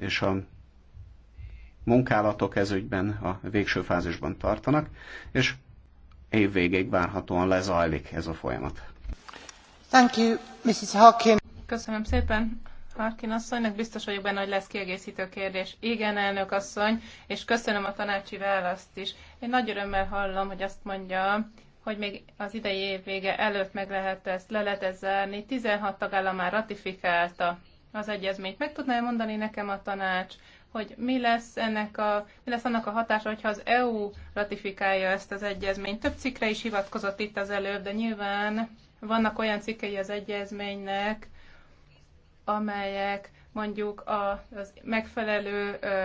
és a munkálatok ezügyben a végső fázisban tartanak, és év végéig várhatóan lezajlik ez a folyamat. Thank you, Mrs. Harkin. Köszönöm szépen, Harkin asszonynak. Biztos vagyok benne, hogy lesz kiegészítő kérdés. Igen, elnök asszony, és köszönöm a tanácsi választ is. Én nagy örömmel hallom, hogy azt mondja, hogy még az idei év vége előtt meg lehet ezt, le lehet 16 tagállam már ratifikálta az egyezményt. Meg tudná mondani nekem a tanács, hogy mi lesz, ennek a, mi lesz annak a hatása, hogyha az EU ratifikálja ezt az egyezményt. Több cikkre is hivatkozott itt az előbb, de nyilván vannak olyan cikkei az egyezménynek, amelyek mondjuk a, az megfelelő ö,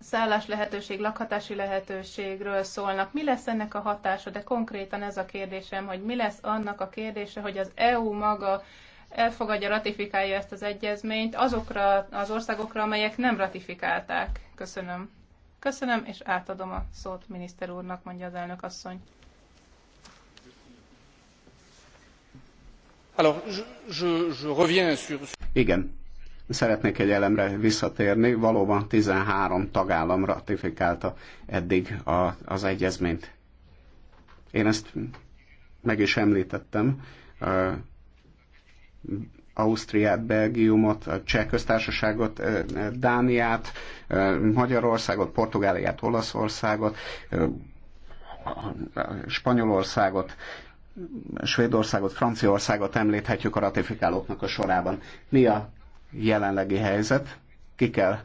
szállás lehetőség, lakhatási lehetőségről szólnak. Mi lesz ennek a hatása? De konkrétan ez a kérdésem, hogy mi lesz annak a kérdése, hogy az EU maga elfogadja, ratifikálja ezt az egyezményt azokra az országokra, amelyek nem ratifikálták. Köszönöm. Köszönöm, és átadom a szót miniszter úrnak, mondja az elnök asszony. Igen, szeretnék egy elemre visszatérni. Valóban 13 tagállam ratifikálta eddig a, az egyezményt. Én ezt meg is említettem Ausztriát, Belgiumot, a Cseh köztársaságot, Dániát, Magyarországot, Portugáliát, Olaszországot, Spanyolországot, Svédországot, Franciaországot említhetjük a ratifikálóknak a sorában. Mi a jelenlegi helyzet? Ki kell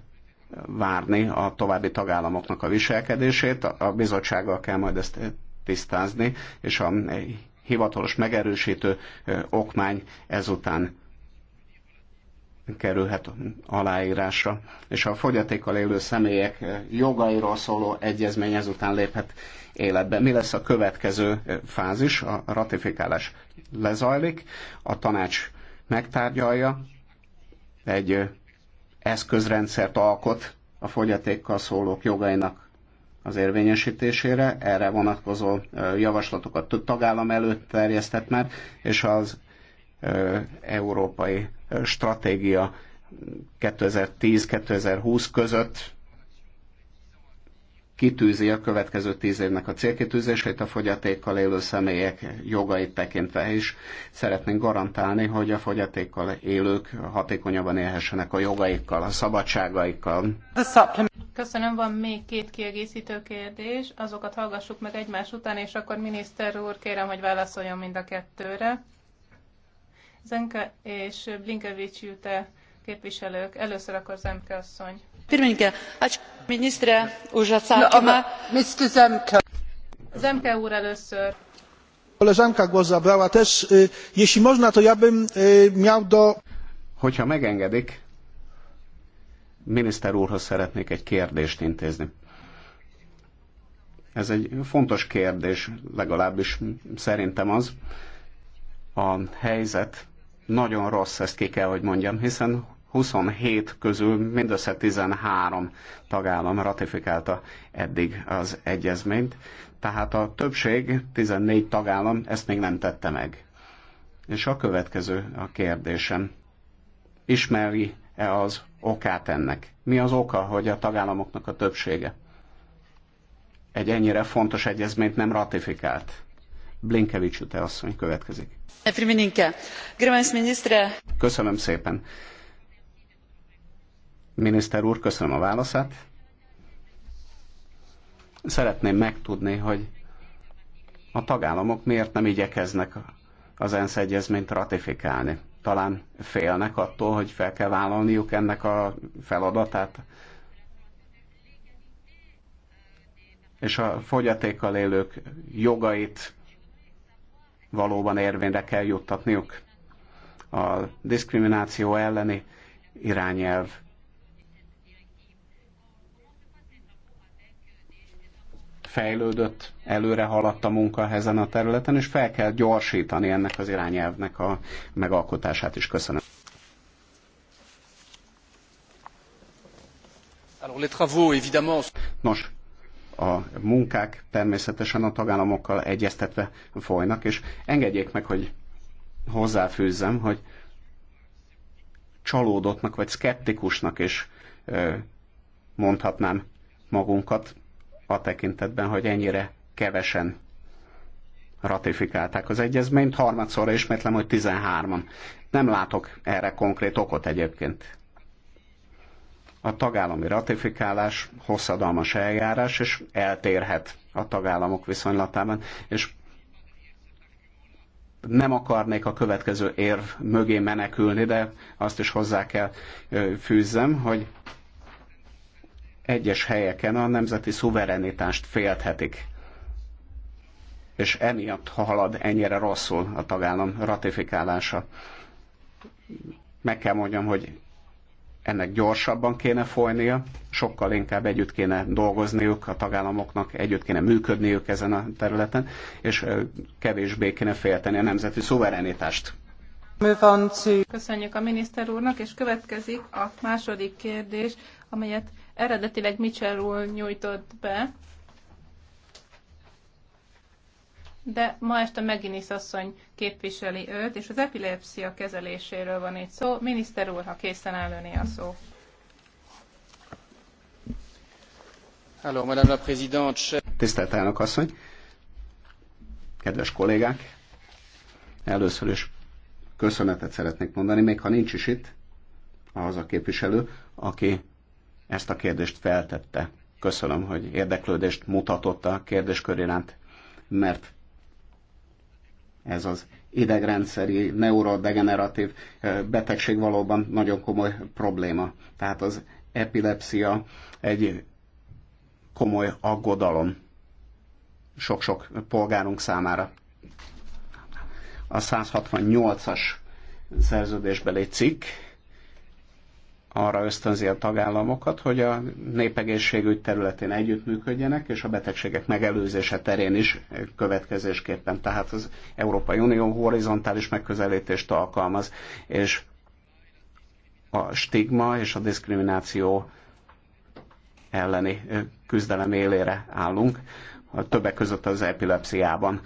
várni a további tagállamoknak a viselkedését, a bizottsággal kell majd ezt tisztázni, és a hivatalos megerősítő okmány ezután kerülhet aláírásra, és a fogyatékkal élő személyek jogairól szóló egyezmény ezután léphet életbe. Mi lesz a következő fázis? A ratifikálás lezajlik, a tanács megtárgyalja, egy eszközrendszert alkot a fogyatékkal szólók jogainak az érvényesítésére, erre vonatkozó javaslatokat több tagállam előtt terjesztett már, és az európai stratégia 2010-2020 között kitűzi a következő tíz évnek a célkitűzését a fogyatékkal élő személyek jogait tekintve, és szeretnénk garantálni, hogy a fogyatékkal élők hatékonyabban élhessenek a jogaikkal, a szabadságaikkal. Köszönöm, van még két kiegészítő kérdés, azokat hallgassuk meg egymás után, és akkor miniszter úr, kérem, hogy válaszoljon mind a kettőre. Zenke és Blinkevics jut képviselők. Először akkor Zemke asszony ačiū ministre už atsakymą. zemke úr először. koleżanka głos zabrała też. jeśli można to ja bym miał do. hogyha megengedik miniszter úrhoz szeretnék egy kérdést intézni. Ez egy fontos kérdés, legalábbis szerintem az. A helyzet nagyon rossz, ezt ki kell, hogy mondjam, hiszen 27 közül mindössze 13 tagállam ratifikálta eddig az egyezményt, tehát a többség, 14 tagállam ezt még nem tette meg. És a következő a kérdésem. Ismeri-e az okát ennek? Mi az oka, hogy a tagállamoknak a többsége egy ennyire fontos egyezményt nem ratifikált? Blinkevics te asszony következik. Köszönöm szépen. Miniszter úr, köszönöm a válaszát. Szeretném megtudni, hogy a tagállamok miért nem igyekeznek az ENSZ egyezményt ratifikálni. Talán félnek attól, hogy fel kell vállalniuk ennek a feladatát. És a fogyatékkal élők jogait valóban érvényre kell juttatniuk. A diszkrimináció elleni irányelv fejlődött, előre haladt a munka ezen a területen, és fel kell gyorsítani ennek az irányelvnek a megalkotását is. Köszönöm. Nos, a munkák természetesen a tagállamokkal egyeztetve folynak, és engedjék meg, hogy hozzáfűzzem, hogy csalódottnak vagy szkeptikusnak is mondhatnám magunkat a tekintetben, hogy ennyire kevesen ratifikálták az egyezményt, harmadszorra ismétlem, hogy 13-an. Nem látok erre konkrét okot egyébként. A tagállami ratifikálás hosszadalmas eljárás, és eltérhet a tagállamok viszonylatában, és nem akarnék a következő érv mögé menekülni, de azt is hozzá kell fűzzem, hogy egyes helyeken a nemzeti szuverenitást félthetik. És emiatt halad ennyire rosszul a tagállam ratifikálása. Meg kell mondjam, hogy ennek gyorsabban kéne folynia, sokkal inkább együtt kéne dolgozniuk a tagállamoknak, együtt kéne működniük ezen a területen, és kevésbé kéne félteni a nemzeti szuverenitást. Köszönjük a miniszter úrnak, és következik a második kérdés, amelyet Eredetileg Mitchell úr nyújtott be, de ma este Meginis asszony képviseli őt, és az epilepsia kezeléséről van itt szó. Miniszter úr, ha készen áll a szó. Alors, Madame la Présidente. Tisztelt elnök asszony, kedves kollégák, először is köszönetet szeretnék mondani, még ha nincs is itt, az a képviselő, aki ezt a kérdést feltette. Köszönöm, hogy érdeklődést mutatott a kérdéskör iránt, mert ez az idegrendszeri, neurodegeneratív betegség valóban nagyon komoly probléma. Tehát az epilepsia egy komoly aggodalom sok-sok polgárunk számára. A 168-as szerződésbeli cikk arra ösztönzi a tagállamokat, hogy a népegészségügy területén együttműködjenek, és a betegségek megelőzése terén is következésképpen. Tehát az Európai Unió horizontális megközelítést alkalmaz, és a stigma és a diszkrimináció elleni küzdelem élére állunk, többek között az epilepsziában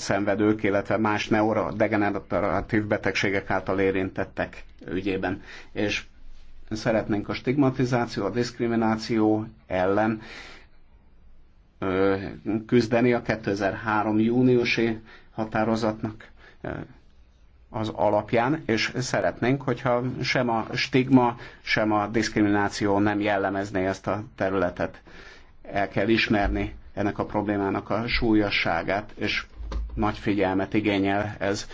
szenvedők, illetve más neurodegeneratív betegségek által érintettek ügyében. És szeretnénk a stigmatizáció, a diszkrimináció ellen küzdeni a 2003. júniusi határozatnak az alapján, és szeretnénk, hogyha sem a stigma, sem a diszkrimináció nem jellemezné ezt a területet. El kell ismerni ennek a problémának a súlyosságát, és nagy figyelmet igényel ez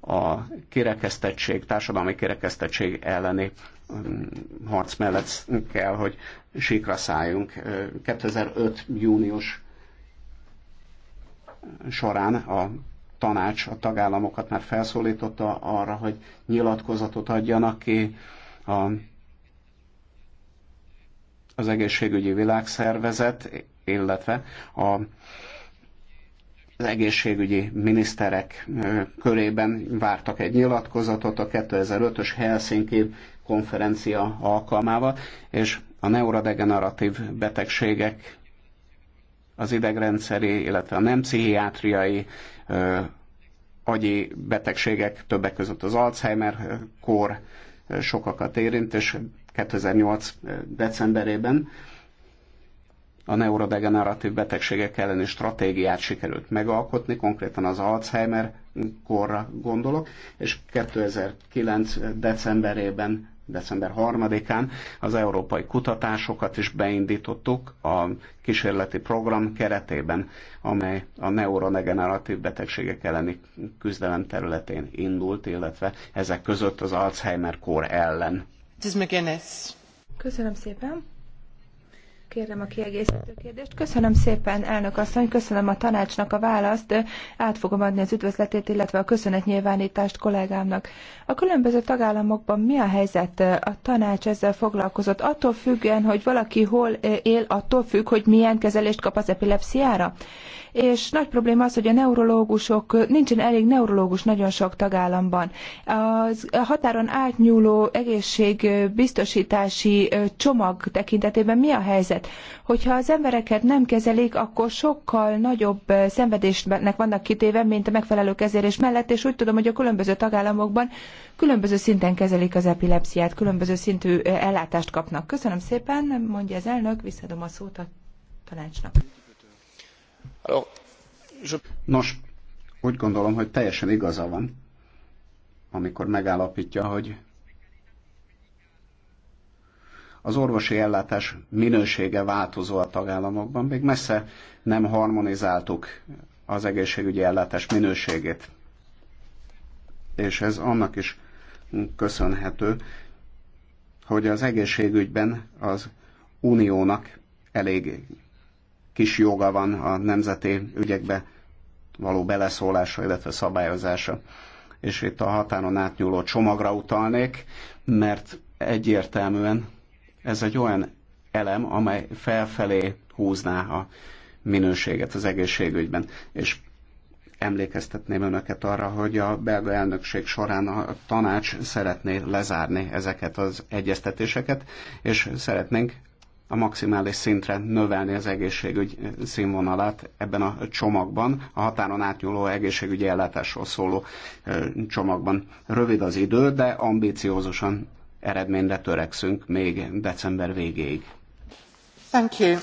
a kirekesztettség, társadalmi kirekesztettség elleni mm, harc mellett kell, hogy síkra szálljunk. 2005. június során a tanács a tagállamokat már felszólította arra, hogy nyilatkozatot adjanak ki a, az egészségügyi világszervezet, illetve a az egészségügyi miniszterek körében vártak egy nyilatkozatot a 2005-ös Helsinki konferencia alkalmával, és a neurodegeneratív betegségek, az idegrendszeri, illetve a nem pszichiátriai agyi betegségek, többek között az Alzheimer kór sokakat érint, és 2008. decemberében a neurodegeneratív betegségek elleni stratégiát sikerült megalkotni, konkrétan az Alzheimer korra gondolok, és 2009. decemberében, december 3-án az európai kutatásokat is beindítottuk a kísérleti program keretében, amely a neurodegeneratív betegségek elleni küzdelem területén indult, illetve ezek között az Alzheimer kór ellen. Köszönöm szépen! Kérem a kiegészítő kérdést. Köszönöm szépen, elnök asszony, köszönöm a tanácsnak a választ. Át fogom adni az üdvözletét, illetve a köszönetnyilvánítást kollégámnak. A különböző tagállamokban mi a helyzet? A tanács ezzel foglalkozott. Attól függően, hogy valaki hol eh, él, attól függ, hogy milyen kezelést kap az epilepsziára és nagy probléma az, hogy a neurológusok, nincsen elég neurológus nagyon sok tagállamban. Az határon átnyúló egészségbiztosítási csomag tekintetében mi a helyzet? Hogyha az embereket nem kezelik, akkor sokkal nagyobb szenvedésnek vannak kitéve, mint a megfelelő kezelés mellett, és úgy tudom, hogy a különböző tagállamokban különböző szinten kezelik az epilepsziát, különböző szintű ellátást kapnak. Köszönöm szépen, mondja az elnök, visszadom a szót a tanácsnak. Nos, úgy gondolom, hogy teljesen igaza van, amikor megállapítja, hogy az orvosi ellátás minősége változó a tagállamokban, még messze nem harmonizáltuk az egészségügyi ellátás minőségét. És ez annak is köszönhető, hogy az egészségügyben az uniónak elég kis joga van a nemzeti ügyekbe való beleszólása, illetve szabályozása. És itt a határon átnyúló csomagra utalnék, mert egyértelműen ez egy olyan elem, amely felfelé húzná a minőséget az egészségügyben. És emlékeztetném önöket arra, hogy a belga elnökség során a tanács szeretné lezárni ezeket az egyeztetéseket, és szeretnénk a maximális szintre növelni az egészségügy színvonalát ebben a csomagban, a határon átnyúló egészségügyi ellátásról szóló csomagban. Rövid az idő, de ambíciózusan eredményre törekszünk még december végéig. Thank you.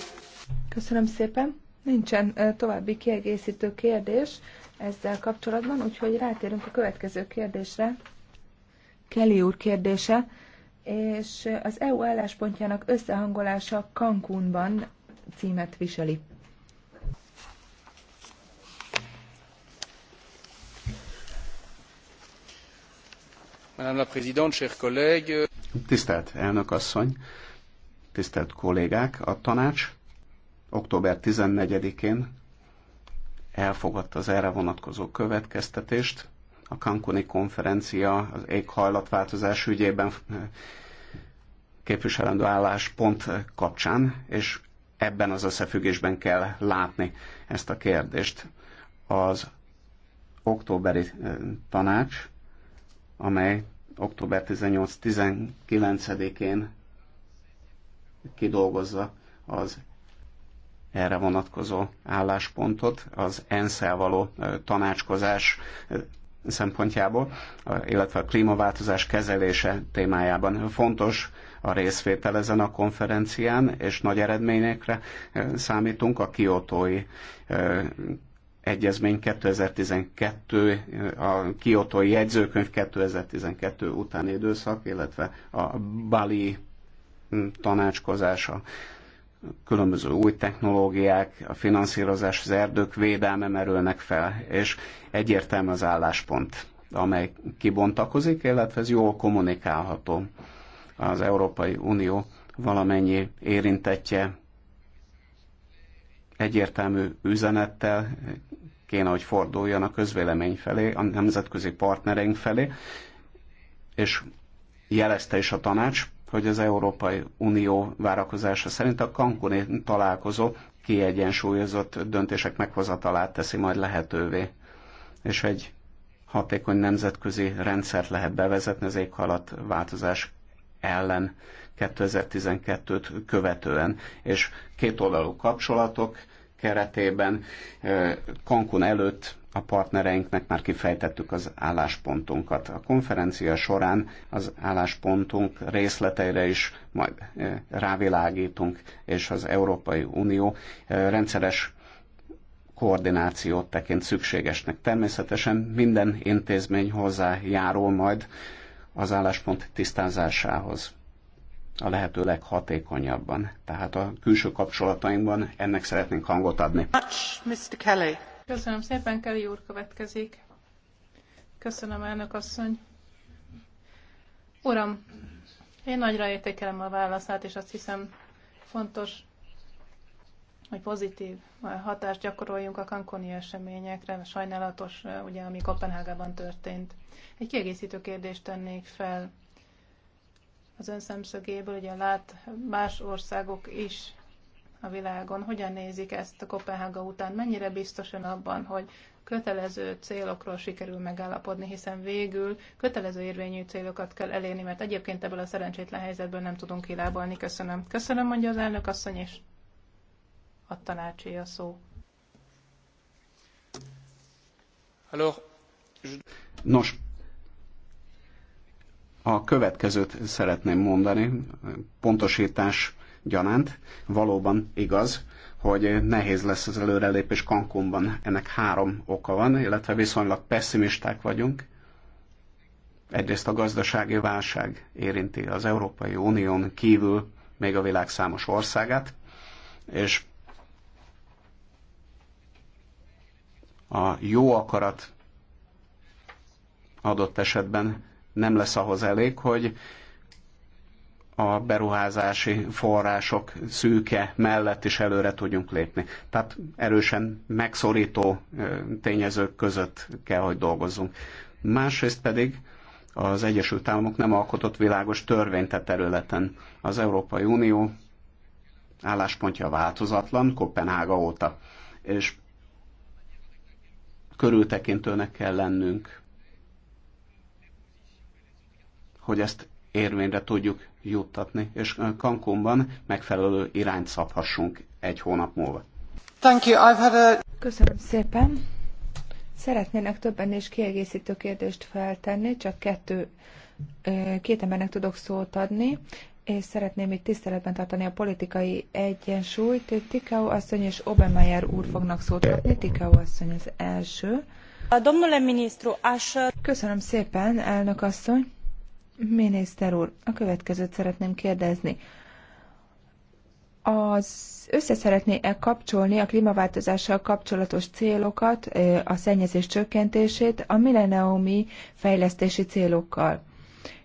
Köszönöm szépen. Nincsen további kiegészítő kérdés ezzel kapcsolatban, úgyhogy rátérünk a következő kérdésre. Kelly úr kérdése és az EU álláspontjának összehangolása Cancúnban címet viseli. Madame la Présidente, chers collègues. Tisztelt elnök asszony, tisztelt kollégák, a tanács október 14-én elfogadta az erre vonatkozó következtetést, a Cancuni konferencia az éghajlatváltozás ügyében eh, képviselendő álláspont eh, kapcsán, és ebben az összefüggésben kell látni ezt a kérdést. Az októberi eh, tanács, amely október 18-19-én kidolgozza az erre vonatkozó álláspontot, az ENSZ-el való tanácskozás szempontjából, illetve a klímaváltozás kezelése témájában fontos a részvétel ezen a konferencián, és nagy eredményekre eh, számítunk a kiotói eh, egyezmény 2012, eh, a kiotói jegyzőkönyv 2012 utáni időszak, illetve a Bali hm, tanácskozása különböző új technológiák, a finanszírozás, az erdők védelme merülnek fel, és egyértelmű az álláspont, amely kibontakozik, illetve ez jól kommunikálható az Európai Unió valamennyi érintetje egyértelmű üzenettel kéne, hogy forduljon a közvélemény felé, a nemzetközi partnereink felé, és jelezte is a tanács, hogy az Európai Unió várakozása szerint a Cancuni találkozó kiegyensúlyozott döntések meghozatalát teszi majd lehetővé, és egy hatékony nemzetközi rendszert lehet bevezetni az éghalat változás ellen 2012-t követően, és kétoldalú kapcsolatok keretében eh, Cancun előtt a partnereinknek már kifejtettük az álláspontunkat. A konferencia során az álláspontunk részleteire is majd eh, rávilágítunk, és az Európai Unió eh, rendszeres koordinációt tekint szükségesnek. Természetesen minden intézmény hozzá járul majd az álláspont tisztázásához a lehető leghatékonyabban. Tehát a külső kapcsolatainkban ennek szeretnénk hangot adni. Much, Mr. Kelly. Köszönöm szépen, Keli úr következik. Köszönöm, elnök asszony. Uram, én nagyra értékelem a válaszát, és azt hiszem fontos, hogy pozitív hatást gyakoroljunk a kankoni eseményekre, sajnálatos, ugye, ami Kopenhágában történt. Egy kiegészítő kérdést tennék fel az ön szemszögéből, ugye lát más országok is a világon hogyan nézik ezt a Kopenhága után, mennyire biztosan abban, hogy kötelező célokról sikerül megállapodni, hiszen végül kötelező érvényű célokat kell elérni, mert egyébként ebből a szerencsétlen helyzetből nem tudunk kilábalni. Köszönöm. Köszönöm, mondja az elnök asszony, és a tanácsé a szó. Nos, a következőt szeretném mondani, pontosítás gyanánt. Valóban igaz, hogy nehéz lesz az előrelépés Cancúnban. Ennek három oka van, illetve viszonylag pessimisták vagyunk. Egyrészt a gazdasági válság érinti az Európai Unión kívül még a világ számos országát, és a jó akarat adott esetben nem lesz ahhoz elég, hogy a beruházási források szűke mellett is előre tudjunk lépni. Tehát erősen megszorító tényezők között kell, hogy dolgozzunk. Másrészt pedig az Egyesült Államok nem alkotott világos törvényt a területen. Az Európai Unió álláspontja változatlan Kopenhága óta, és körültekintőnek kell lennünk, hogy ezt érvényre tudjuk juttatni, és Cancúnban megfelelő irányt szabhassunk egy hónap múlva. Thank you. I've had a... Köszönöm szépen. Szeretnének többen is kiegészítő kérdést feltenni, csak kettő, két embernek tudok szót adni, és szeretném itt tiszteletben tartani a politikai egyensúlyt. Tikau asszony és Obermeyer úr fognak szót adni. Tikau asszony az első. Domnule ministru, Köszönöm szépen, elnök asszony. Miniszter úr, a következőt szeretném kérdezni. Az össze szeretné-e kapcsolni a klímaváltozással kapcsolatos célokat, a szennyezés csökkentését a milleniumi fejlesztési célokkal?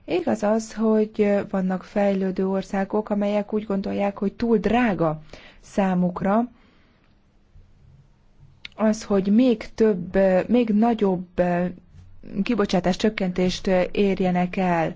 Igaz az, hogy vannak fejlődő országok, amelyek úgy gondolják, hogy túl drága számukra az, hogy még több, még nagyobb kibocsátás csökkentést érjenek el.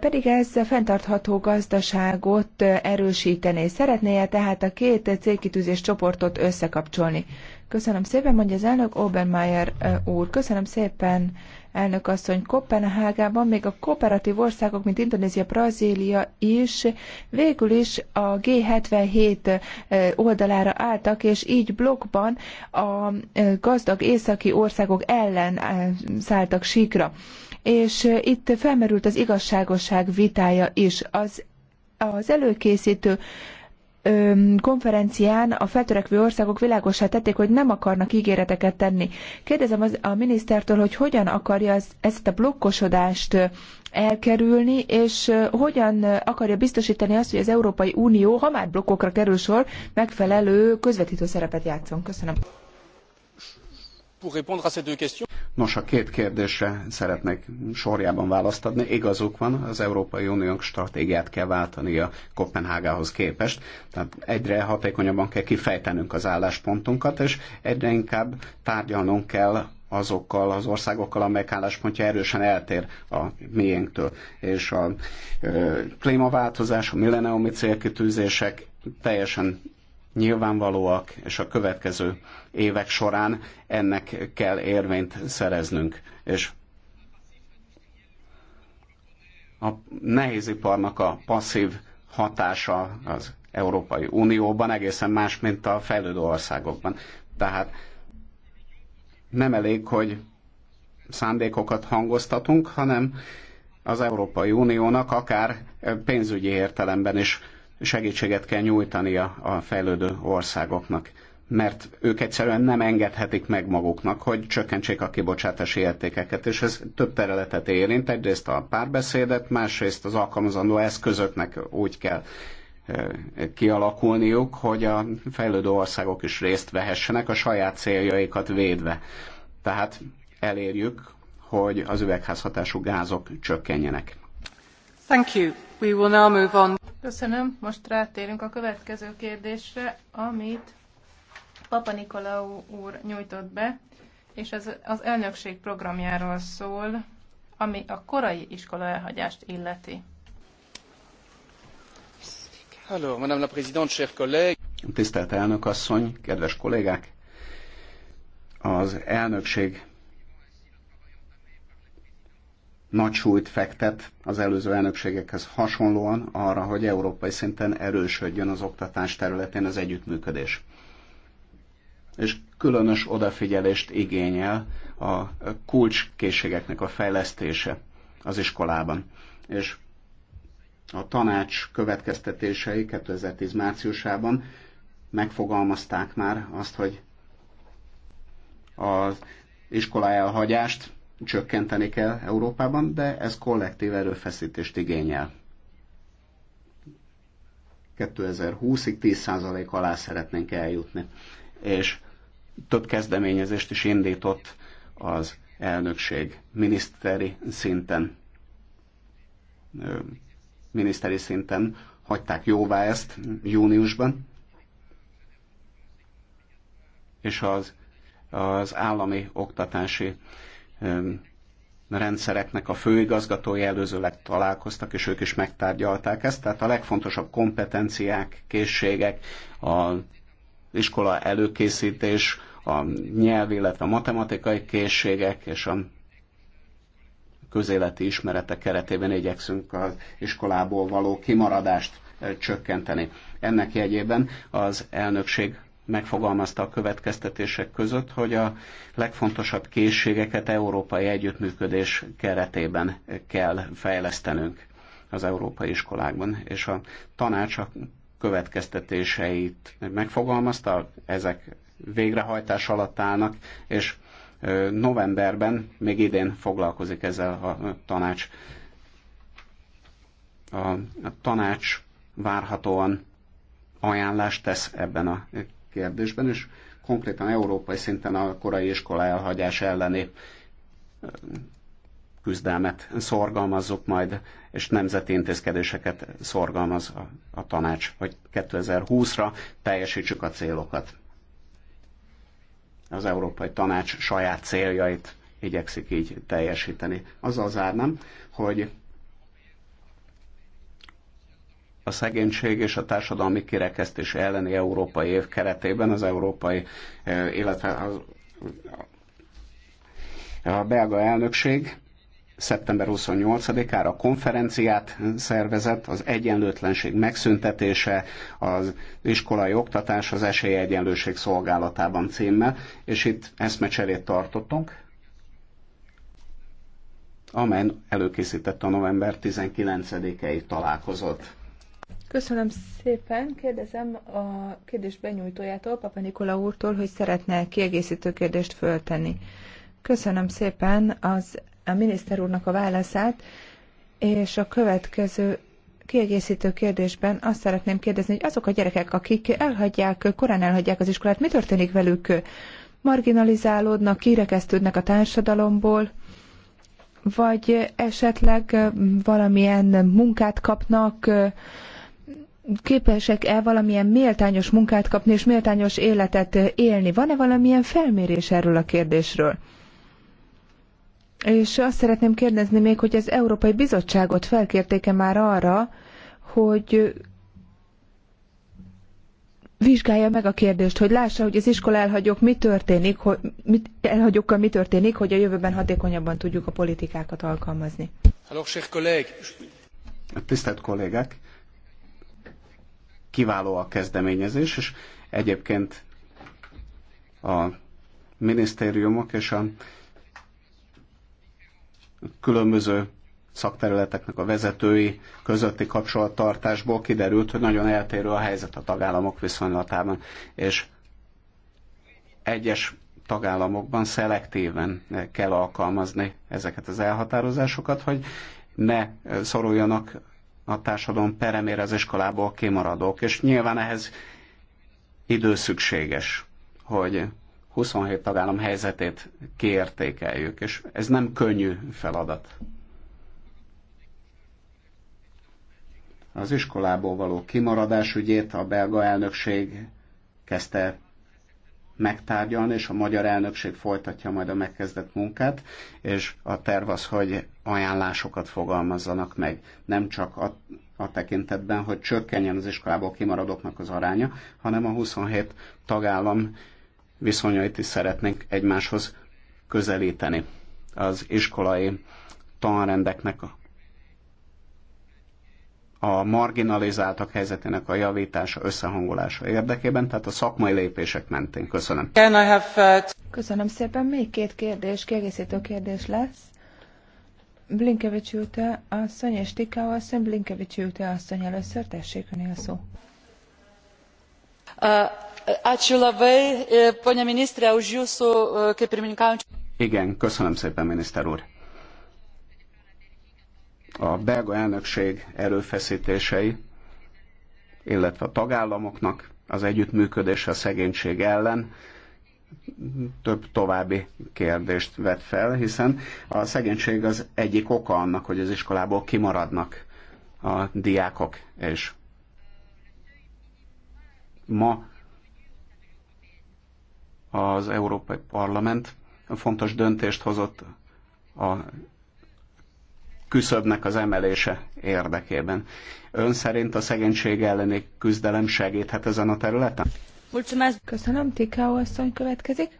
Pedig ez fenntartható gazdaságot erősítené. szeretné -e tehát a két célkitűzés csoportot összekapcsolni? Köszönöm szépen, mondja az elnök Obermeier úr. Köszönöm szépen, elnök asszony, Kopenhágában még a kooperatív országok, mint Indonézia, Brazília is végül is a G77 eh, oldalára álltak, és így blokkban a eh, gazdag északi országok ellen eh, szálltak síkra. És itt felmerült az igazságosság vitája is. Az, az előkészítő konferencián a feltörekvő országok világosá tették, hogy nem akarnak ígéreteket tenni. Kérdezem az, a minisztertől, hogy hogyan akarja az, ezt a blokkosodást elkerülni, és hogyan akarja biztosítani azt, hogy az Európai Unió, ha már blokkokra kerül sor, megfelelő közvetítő szerepet játszon. Köszönöm. Nos, a két kérdésre szeretnék sorjában választ adni. Igazuk van, az Európai Uniónk stratégiát kell váltani a Kopenhágához képest, tehát egyre hatékonyabban kell kifejtenünk az álláspontunkat, és egyre inkább tárgyalnunk kell azokkal az országokkal, amelyek álláspontja erősen eltér a miénktől. És a klímaváltozás, a milleniumi célkitűzések teljesen nyilvánvalóak, és a következő évek során ennek kell érvényt szereznünk. És a nehéziparnak a passzív hatása az Európai Unióban egészen más, mint a fejlődő országokban. Tehát nem elég, hogy szándékokat hangoztatunk, hanem az Európai Uniónak akár pénzügyi értelemben is segítséget kell a, a fejlődő országoknak mert ők egyszerűen nem engedhetik meg maguknak, hogy csökkentsék a kibocsátási értékeket, és ez több területet érint, egyrészt a párbeszédet, másrészt az alkalmazandó eszközöknek úgy kell kialakulniuk, hogy a fejlődő országok is részt vehessenek a saját céljaikat védve. Tehát elérjük, hogy az üvegházhatású gázok csökkenjenek. Thank you. We will now move on. Köszönöm. Most rátérünk a következő kérdésre, amit Papa Nikolau úr nyújtott be, és ez az elnökség programjáról szól, ami a korai iskola elhagyást illeti. Hello, Madame la Présidente, chers collègues. Tisztelt elnök asszony, kedves kollégák! Az elnökség nagy súlyt fektet az előző elnökségekhez hasonlóan arra, hogy európai szinten erősödjön az oktatás területén az együttműködés. És különös odafigyelést igényel a kulcskészségeknek a fejlesztése az iskolában. És a tanács következtetései 2010 márciusában megfogalmazták már azt, hogy az iskola elhagyást csökkenteni kell Európában, de ez kollektív erőfeszítést igényel. 2020-ig 10% alá szeretnénk eljutni. És több kezdeményezést is indított az elnökség miniszteri szinten. Miniszteri szinten hagyták jóvá ezt júniusban, és az, az állami oktatási rendszereknek a főigazgatói előzőleg találkoztak, és ők is megtárgyalták ezt. Tehát a legfontosabb kompetenciák, készségek, a iskola előkészítés, a nyelv, illetve a matematikai készségek és a közéleti ismerete keretében igyekszünk az iskolából való kimaradást csökkenteni. Ennek jegyében az elnökség megfogalmazta a következtetések között, hogy a legfontosabb készségeket európai együttműködés keretében kell fejlesztenünk az európai iskolákban, és a tanács a következtetéseit megfogalmazta, ezek végrehajtás alatt állnak, és novemberben, még idén foglalkozik ezzel a tanács. A tanács várhatóan ajánlást tesz ebben a kérdésben, és konkrétan európai szinten a korai iskola elhagyás elleni küzdelmet szorgalmazzuk majd, és nemzeti intézkedéseket szorgalmaz a, a tanács, hogy 2020-ra teljesítsük a célokat. Az Európai Tanács saját céljait igyekszik így teljesíteni. Azzal zárnám, hogy a szegénység és a társadalmi kirekesztés elleni európai év keretében az európai, eh, illetve az, a belga elnökség szeptember 28-ára konferenciát szervezett, az egyenlőtlenség megszüntetése, az iskolai oktatás az esélyegyenlőség szolgálatában címmel, és itt eszmecserét tartottunk, amely előkészített a november 19 ei találkozott. Köszönöm szépen. Kérdezem a kérdés benyújtójától, Papa Nikola úrtól, hogy szeretne kiegészítő kérdést föltenni. Köszönöm szépen az, a miniszter úrnak a válaszát, és a következő kiegészítő kérdésben azt szeretném kérdezni, hogy azok a gyerekek, akik elhagyják, korán elhagyják az iskolát, mi történik velük? Marginalizálódnak, kirekesztődnek a társadalomból, vagy esetleg valamilyen munkát kapnak, képesek-e valamilyen méltányos munkát kapni és méltányos életet eh, élni? Van-e valamilyen felmérés erről a kérdésről? És azt szeretném kérdezni még, hogy az Európai Bizottságot felkérték-e már arra, hogy eh, vizsgálja meg a kérdést, hogy lássa, hogy az iskola elhagyok, mi történik, hogy, mit, elhagyókkal mi történik, hogy a jövőben hatékonyabban tudjuk a politikákat alkalmazni. Hello, Tisztelt kollégák, kiváló a kezdeményezés, és egyébként a minisztériumok és a különböző szakterületeknek a vezetői közötti kapcsolattartásból kiderült, hogy nagyon eltérő a helyzet a tagállamok viszonylatában, és egyes tagállamokban szelektíven kell alkalmazni ezeket az elhatározásokat, hogy ne szoruljanak a társadalom peremére az iskolából kimaradók, és nyilván ehhez idő szükséges, hogy 27 tagállam helyzetét kiértékeljük, és ez nem könnyű feladat. Az iskolából való kimaradás ügyét a belga elnökség kezdte megtárgyalni, és a magyar elnökség folytatja majd a megkezdett munkát, és a terv az, hogy ajánlásokat fogalmazzanak meg, nem csak a, a tekintetben, hogy csökkenjen az iskolából kimaradóknak az aránya, hanem a 27 tagállam viszonyait is szeretnénk egymáshoz közelíteni. Az iskolai tanrendeknek a marginalizáltak helyzetének a javítása, összehangolása érdekében, tehát a szakmai lépések mentén. Köszönöm. Uh, köszönöm szépen. Még két kérdés, kiegészítő kérdés lesz. Blinkevics Júte asszony és Tika asszony, Blinkevics Júte asszony először, tessék öné a szó. Uh, e, e, Igen, köszönöm szépen, miniszter úr a belga elnökség erőfeszítései, illetve a tagállamoknak az együttműködés a szegénység ellen több további kérdést vet fel, hiszen a szegénység az egyik oka annak, hogy az iskolából kimaradnak a diákok, és ma az Európai Parlament fontos döntést hozott a küszöbnek az emelése érdekében. Ön szerint a szegénység elleni küzdelem segíthet ezen a területen? Köszönöm, Tikao asszony következik.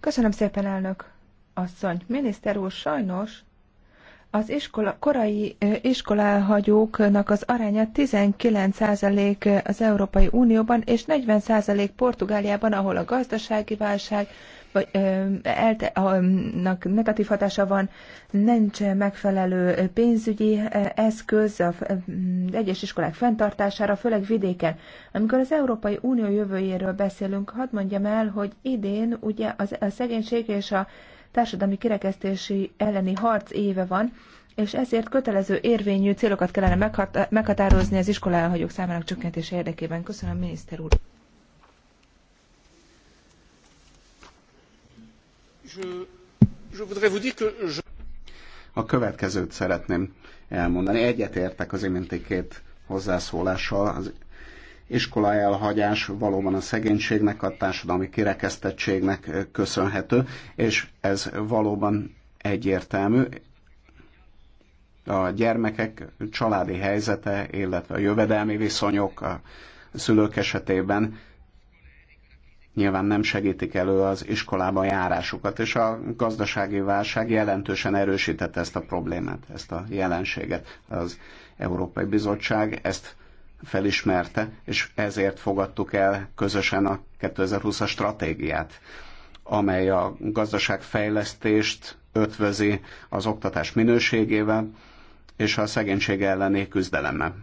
Köszönöm szépen, elnök asszony. Miniszter úr, sajnos az iskola, korai iskolálhagyóknak az aránya 19% az Európai Unióban, és 40% Portugáliában, ahol a gazdasági válság, vagy elte, annak negatív hatása van, nincs megfelelő pénzügyi eszköz az egyes iskolák fenntartására, főleg vidéken. Amikor az Európai Unió jövőjéről beszélünk, hadd mondjam el, hogy idén ugye az, a szegénység és a társadalmi kirekesztési elleni harc éve van, és ezért kötelező érvényű célokat kellene meghatározni az iskola elhagyók számának csökkentése érdekében. Köszönöm, miniszter úr! A következőt szeretném elmondani. Egyetértek az iminti két hozzászólással. Az iskola elhagyás valóban a szegénységnek, a társadalmi kirekesztettségnek köszönhető, és ez valóban egyértelmű. A gyermekek családi helyzete, illetve a jövedelmi viszonyok a szülők esetében nyilván nem segítik elő az iskolába járásukat, és a gazdasági válság jelentősen erősítette ezt a problémát, ezt a jelenséget. Az Európai Bizottság ezt felismerte, és ezért fogadtuk el közösen a 2020-as stratégiát, amely a gazdaságfejlesztést ötvözi az oktatás minőségével és a szegénység elleni küzdelemmel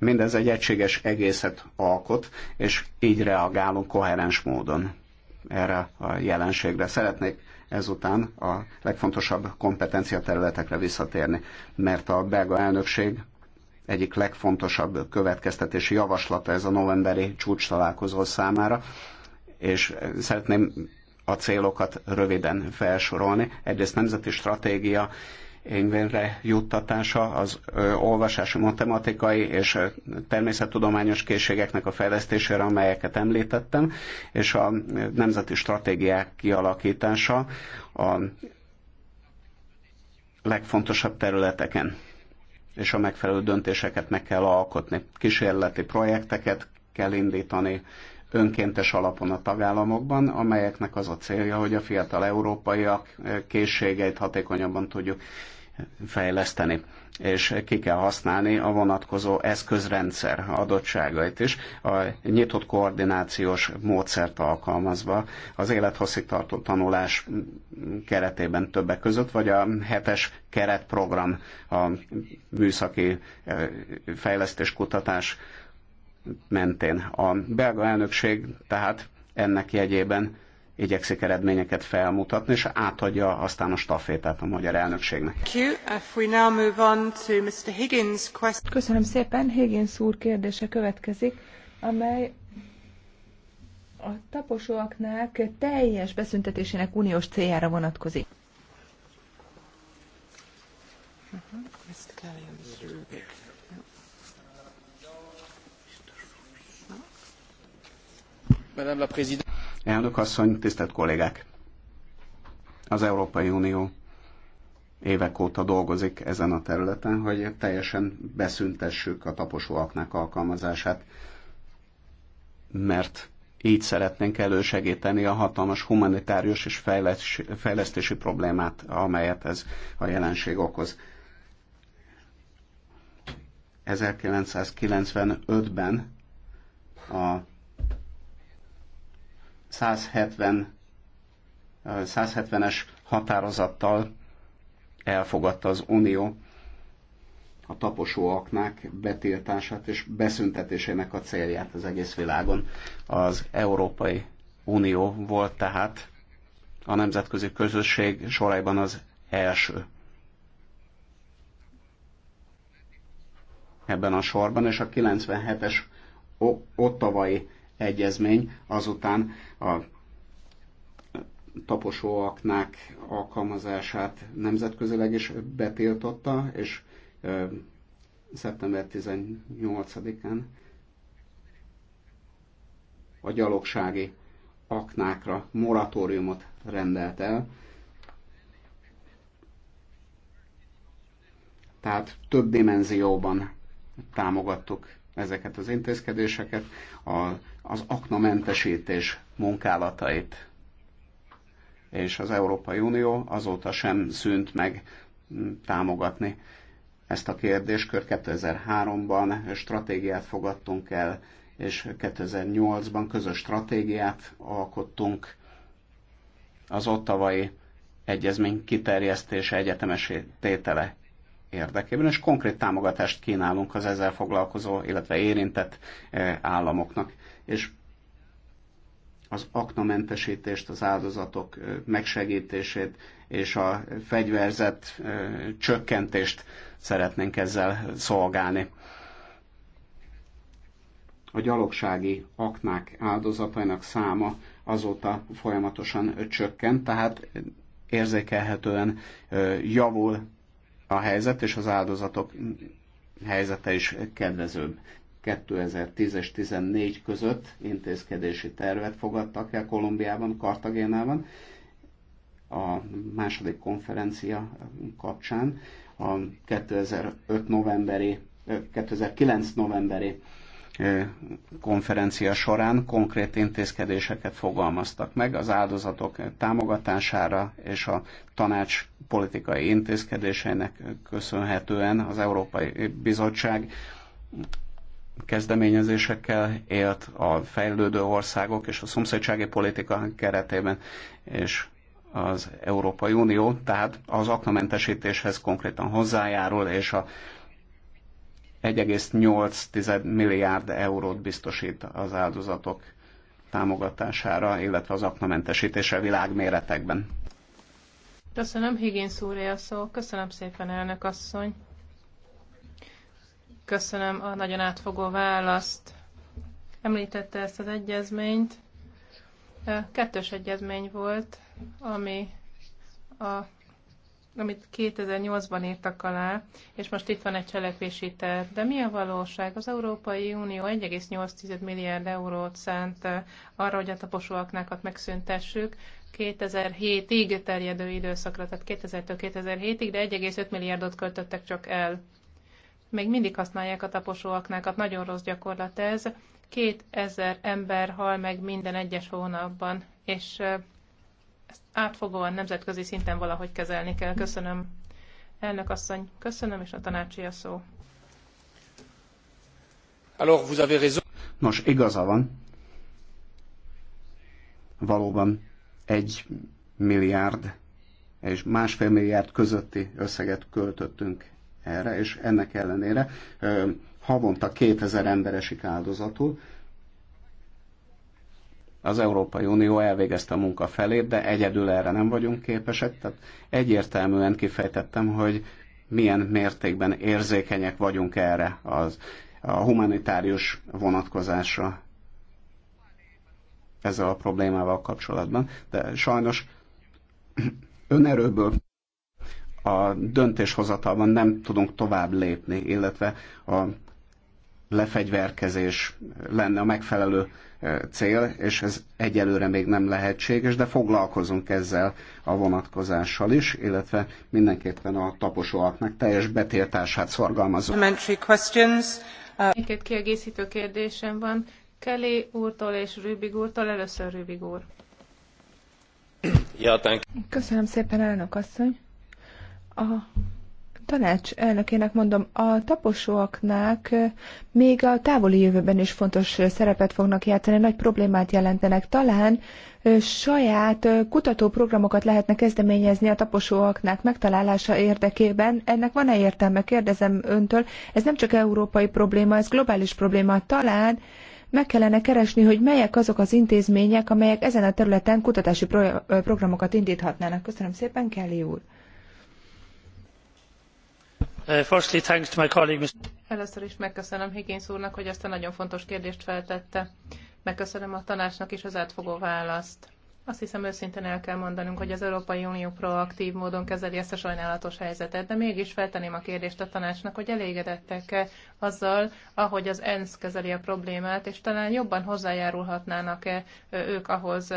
Mindez egy egységes egészet alkot, és így reagálunk koherens módon erre a jelenségre. Szeretnék ezután a legfontosabb kompetencia területekre visszatérni, mert a belga elnökség egyik legfontosabb következtetési javaslata ez a novemberi csúcs találkozó számára, és szeretném a célokat röviden felsorolni. Egyrészt nemzeti stratégia, ingvénre juttatása az olvasási, matematikai és természettudományos készségeknek a fejlesztésére, amelyeket említettem, és a nemzeti stratégiák kialakítása a legfontosabb területeken és a megfelelő döntéseket meg kell alkotni. Kísérleti projekteket kell indítani, önkéntes alapon a tagállamokban, amelyeknek az a célja, hogy a fiatal európaiak készségeit hatékonyabban tudjuk fejleszteni és ki kell használni a vonatkozó eszközrendszer adottságait is, a nyitott koordinációs módszert alkalmazva az élethosszígtartó tartó tanulás keretében többek között, vagy a hetes keretprogram a műszaki eh, fejlesztés kutatás mentén. A belga elnökség tehát ennek jegyében igyekszik eredményeket felmutatni, és átadja aztán a stafétát a magyar elnökségnek. Köszönöm szépen. Higgins úr kérdése következik, amely a taposóaknak teljes beszüntetésének uniós céljára vonatkozik. Uh-huh. Elnök asszony, tisztelt kollégák! Az Európai Unió évek óta dolgozik ezen a területen, hogy teljesen beszüntessük a taposóaknák alkalmazását, mert így szeretnénk elősegíteni a hatalmas humanitárius és fejlesztési problémát, amelyet ez a jelenség okoz. 1995-ben a 170, 170-es határozattal elfogadta az Unió a taposóaknák betiltását és beszüntetésének a célját az egész világon. Az Európai Unió volt tehát a nemzetközi közösség soraiban az első ebben a sorban, és a 97-es ottavai egyezmény azután a taposóaknák alkalmazását nemzetközileg is betiltotta, és szeptember 18-án a gyalogsági aknákra moratóriumot rendelt el. Tehát több dimenzióban támogattuk ezeket az intézkedéseket, a, az aknamentesítés munkálatait. És az Európai Unió azóta sem szűnt meg mm, támogatni ezt a kérdéskört. 2003-ban stratégiát fogadtunk el, és 2008-ban közös stratégiát alkottunk az ottavai egyezmény kiterjesztése, egyetemes tétele érdekében, és konkrét támogatást kínálunk az ezzel foglalkozó, illetve érintett eh, államoknak. És az aknamentesítést, az áldozatok eh, megsegítését és a fegyverzet eh, csökkentést szeretnénk ezzel szolgálni. A gyalogsági aknák áldozatainak száma azóta folyamatosan csökkent, tehát érzékelhetően javul a helyzet, és az áldozatok helyzete is kedvezőbb. 2010 és 2014 között intézkedési tervet fogadtak el Kolumbiában, Kartagénában, a második konferencia kapcsán, a 2005 novemberi, 2009 novemberi konferencia során konkrét intézkedéseket fogalmaztak meg az áldozatok támogatására és a tanács politikai intézkedéseinek köszönhetően az Európai Bizottság kezdeményezésekkel élt a fejlődő országok és a szomszédsági politika keretében, és az Európai Unió, tehát az aknamentesítéshez konkrétan hozzájárul, és a 1,8 milliárd eurót biztosít az áldozatok támogatására, illetve az aknamentesítése világméretekben. Köszönöm, Higén úré a szó. Köszönöm szépen, elnök asszony. Köszönöm a nagyon átfogó választ. Említette ezt az egyezményt. Kettős egyezmény volt, ami a amit 2008-ban írtak alá, és most itt van egy cselekvési terv. De mi a valóság? Az Európai Unió 1,8 milliárd eurót szánt eh, arra, hogy a taposóaknákat megszüntessük, 2007-ig terjedő időszakra, tehát 2000-től 2007-ig, de 1,5 milliárdot költöttek csak el. Még mindig használják a taposóaknákat, nagyon rossz gyakorlat ez. 2000 ember hal meg minden egyes hónapban, és eh, ezt átfogóan nemzetközi szinten valahogy kezelni kell. Köszönöm. Elnök asszony, köszönöm, és a tanácsi a szó. Alors, vous avez raison. Nos, igaza van. Valóban egy milliárd és másfél milliárd közötti összeget költöttünk erre, és ennek ellenére havonta 2000 ember esik áldozatul, az Európai Unió elvégezte a munka felét, de egyedül erre nem vagyunk képesek. Tehát egyértelműen kifejtettem, hogy milyen mértékben érzékenyek vagyunk erre az, a humanitárius vonatkozásra ezzel a problémával kapcsolatban. De sajnos önerőből a döntéshozatalban nem tudunk tovább lépni, illetve a lefegyverkezés lenne a megfelelő e, cél, és ez egyelőre még nem lehetséges, de foglalkozunk ezzel a vonatkozással is, illetve mindenképpen a taposóaknak teljes betiltását szorgalmazunk. Uh, Egy-két kiegészítő kérdésem van. Kelly úrtól és Rübig úrtól. Először Rübig úr. Ja, Köszönöm szépen, elnök asszony. A tanács elnökének mondom, a taposóaknak még a távoli jövőben is fontos szerepet fognak játszani, nagy problémát jelentenek. Talán saját kutatóprogramokat lehetne kezdeményezni a taposóaknak megtalálása érdekében. Ennek van-e értelme? Kérdezem öntől. Ez nem csak európai probléma, ez globális probléma. Talán meg kellene keresni, hogy melyek azok az intézmények, amelyek ezen a területen kutatási programokat indíthatnának. Köszönöm szépen, Kelly úr. Uh, Először is megköszönöm Higgins úrnak, hogy ezt a nagyon fontos kérdést feltette. Megköszönöm a tanácsnak is az átfogó választ. Azt hiszem őszintén el kell mondanunk, hogy az Európai Unió proaktív módon kezeli ezt a sajnálatos helyzetet, de mégis feltenném a kérdést a tanácsnak, hogy elégedettek-e azzal, ahogy az ENSZ kezeli a problémát, és talán jobban hozzájárulhatnának-e ők ahhoz,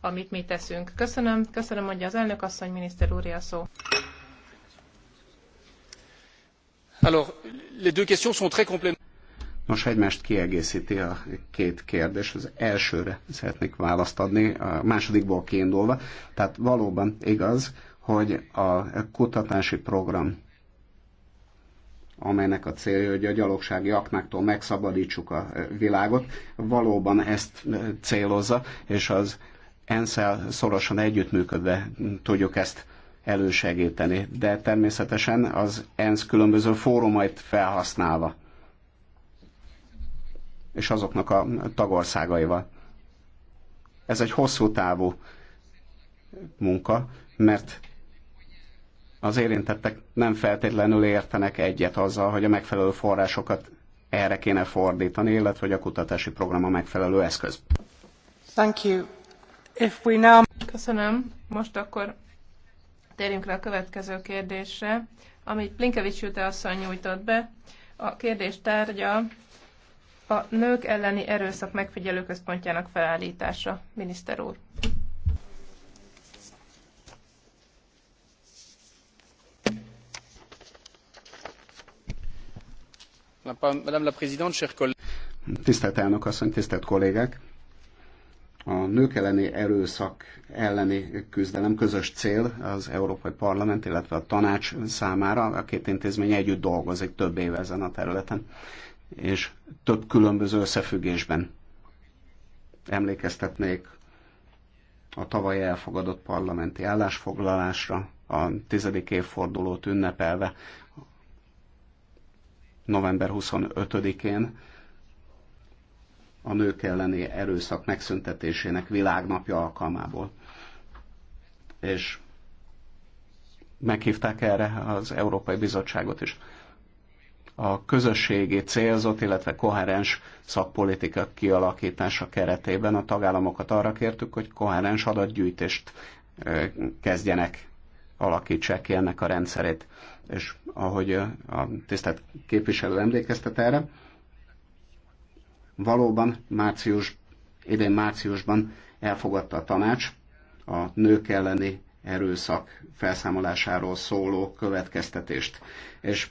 amit mi teszünk. Köszönöm, köszönöm, hogy az elnök asszony, miniszter úr, a szó. Nos, egymást kiegészíti a két kérdés. Az elsőre szeretnék választ adni, a másodikból kiindulva. Tehát valóban igaz, hogy a kutatási program, amelynek a célja, hogy a gyalogsági aknáktól megszabadítsuk a világot, valóban ezt célozza, és az ENSZ-el szorosan együttműködve tudjuk ezt elősegíteni, de természetesen az ENSZ különböző fórumait felhasználva, és azoknak a tagországaival. Ez egy hosszú távú munka, mert az érintettek nem feltétlenül értenek egyet azzal, hogy a megfelelő forrásokat erre kéne fordítani, illetve hogy a kutatási program a megfelelő eszköz. Thank you. If we now... Köszönöm. Most akkor térjünk rá a következő kérdésre, amit Plinkevics Jute asszony nyújtott be. A kérdés tárgya a nők elleni erőszak megfigyelő központjának felállítása. Miniszter úr. Madame la Présidente, Tisztelt elnök asszony, tisztelt kollégák! nők elleni erőszak elleni küzdelem közös cél az Európai Parlament, illetve a tanács számára. A két intézmény együtt dolgozik több éve ezen a területen, és több különböző összefüggésben emlékeztetnék a tavaly elfogadott parlamenti állásfoglalásra, a tizedik évfordulót ünnepelve november 25-én a nők elleni erőszak megszüntetésének világnapja alkalmából. És meghívták erre az Európai Bizottságot is. A közösségi célzott, illetve koherens szakpolitika kialakítása keretében a tagállamokat arra kértük, hogy koherens adatgyűjtést kezdjenek, alakítsák ki ennek a rendszerét. És ahogy a tisztelt képviselő emlékeztet erre, Valóban március, idén márciusban elfogadta a tanács a nők elleni erőszak felszámolásáról szóló következtetést. És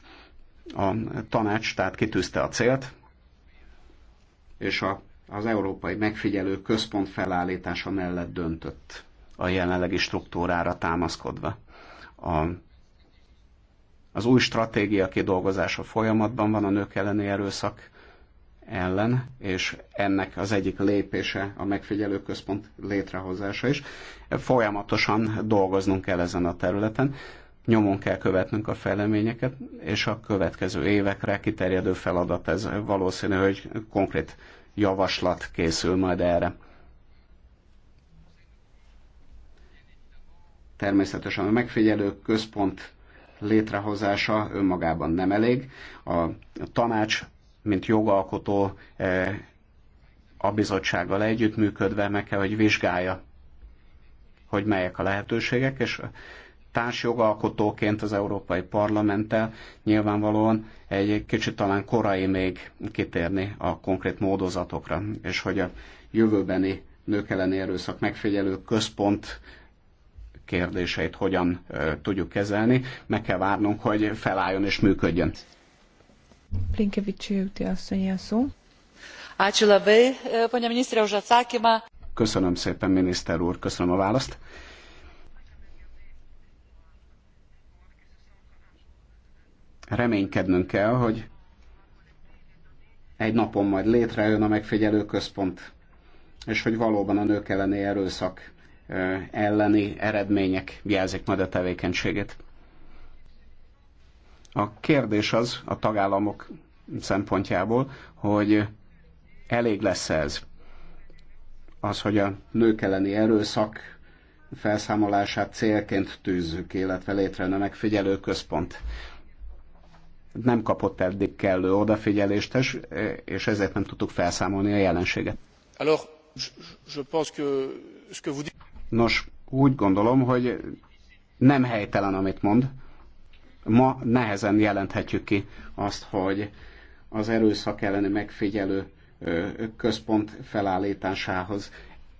a tanács tehát kitűzte a célt, és a, az Európai Megfigyelő Központ felállítása mellett döntött a jelenlegi struktúrára támaszkodva. A, az új stratégia kidolgozása folyamatban van a nők elleni erőszak ellen, és ennek az egyik lépése a megfigyelőközpont létrehozása is. Folyamatosan dolgoznunk kell ezen a területen, nyomon kell követnünk a fejleményeket, és a következő évekre kiterjedő feladat ez valószínű, hogy konkrét javaslat készül majd erre. Természetesen a megfigyelő központ létrehozása önmagában nem elég. A tanács mint jogalkotó e, a bizottsággal együttműködve meg kell, hogy vizsgálja, hogy melyek a lehetőségek, és társjogalkotóként az Európai Parlamenttel nyilvánvalóan egy kicsit talán korai még kitérni a konkrét módozatokra, és hogy a jövőbeni nők elleni erőszak megfigyelő központ kérdéseit hogyan e, tudjuk kezelni. Meg kell várnunk, hogy felálljon és működjön miniszter, Köszönöm szépen, miniszter úr, köszönöm a választ. Reménykednünk kell, hogy egy napon majd létrejön a megfigyelő központ, és hogy valóban a nők elleni erőszak eh, elleni eredmények jelzik majd a tevékenységet. A kérdés az a tagállamok szempontjából, hogy elég lesz -e ez. Az, hogy a nők elleni erőszak felszámolását célként tűzzük, illetve létrejön a megfigyelő központ. Nem kapott eddig kellő odafigyelést, és ezért nem tudtuk felszámolni a jelenséget. Alors, je pense que ce que vous dites... Nos, úgy gondolom, hogy nem helytelen, amit mond ma nehezen jelenthetjük ki azt, hogy az erőszak elleni megfigyelő központ felállításához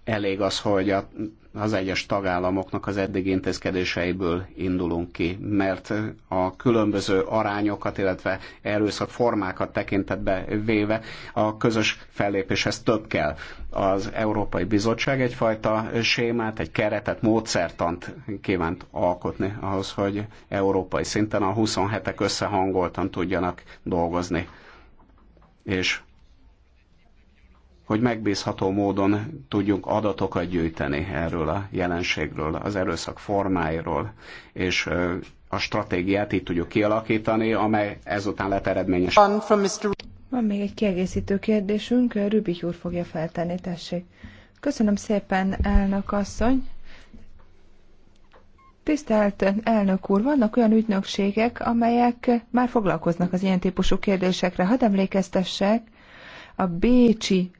elég az, hogy a az egyes tagállamoknak az eddig intézkedéseiből indulunk ki, mert a különböző arányokat, illetve formákat tekintetbe véve a közös fellépéshez több kell. Az Európai Bizottság egyfajta sémát, egy keretet, módszertant kívánt alkotni ahhoz, hogy európai szinten a 27-ek összehangoltan tudjanak dolgozni. És hogy megbízható módon tudjunk adatokat gyűjteni erről a jelenségről, az erőszak formáiról, és a stratégiát így tudjuk kialakítani, amely ezután lett eredményes. Van még egy kiegészítő kérdésünk, Rübik úr fogja feltenni, tessék. Köszönöm szépen, elnök asszony. Tisztelt elnök úr, vannak olyan ügynökségek, amelyek már foglalkoznak az ilyen típusú kérdésekre. Hadd emlékeztessek a Bécsi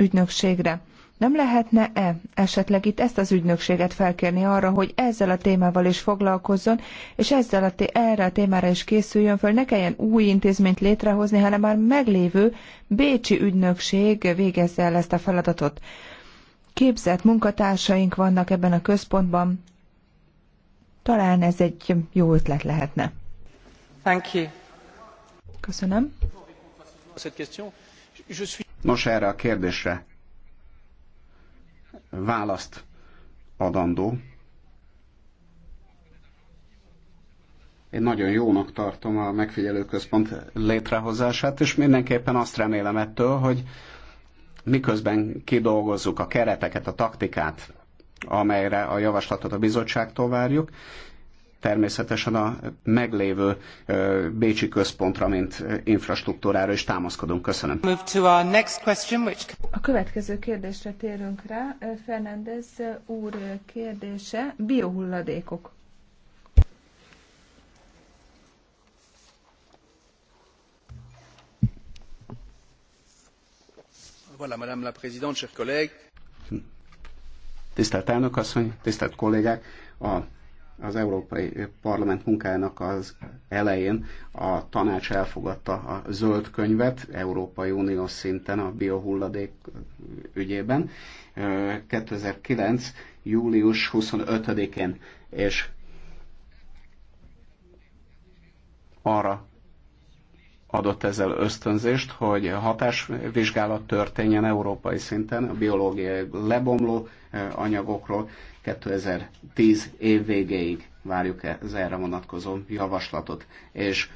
ügynökségre. Nem lehetne-e esetleg itt ezt az ügynökséget felkérni arra, hogy ezzel a témával is foglalkozzon, és ezzel a té- erre a témára is készüljön föl, ne kelljen új intézményt létrehozni, hanem már meglévő Bécsi ügynökség végezze el ezt a feladatot. Képzett munkatársaink vannak ebben a központban. Talán ez egy jó ötlet lehetne. Thank you. Köszönöm. Cette question. Je suis... Nos, erre a kérdésre választ adandó. Én nagyon jónak tartom a megfigyelőközpont létrehozását, és mindenképpen azt remélem ettől, hogy miközben kidolgozzuk a kereteket, a taktikát, amelyre a javaslatot a bizottságtól várjuk, természetesen a meglévő Bécsi központra, mint infrastruktúrára is támaszkodunk. Köszönöm. A következő kérdésre térünk rá. Fernández úr kérdése, biohulladékok. Voilà, Madame la Présidente, chers collègues. Tisztelt elnök asszony, tisztelt kollégák! A az Európai Parlament munkájának az elején a tanács elfogadta a zöld könyvet Európai Unió szinten a biohulladék ügyében 2009. július 25-én, és arra adott ezzel ösztönzést, hogy hatásvizsgálat történjen európai szinten a biológiai lebomló eh, anyagokról. 2010 év végéig várjuk -e az erre vonatkozó javaslatot, és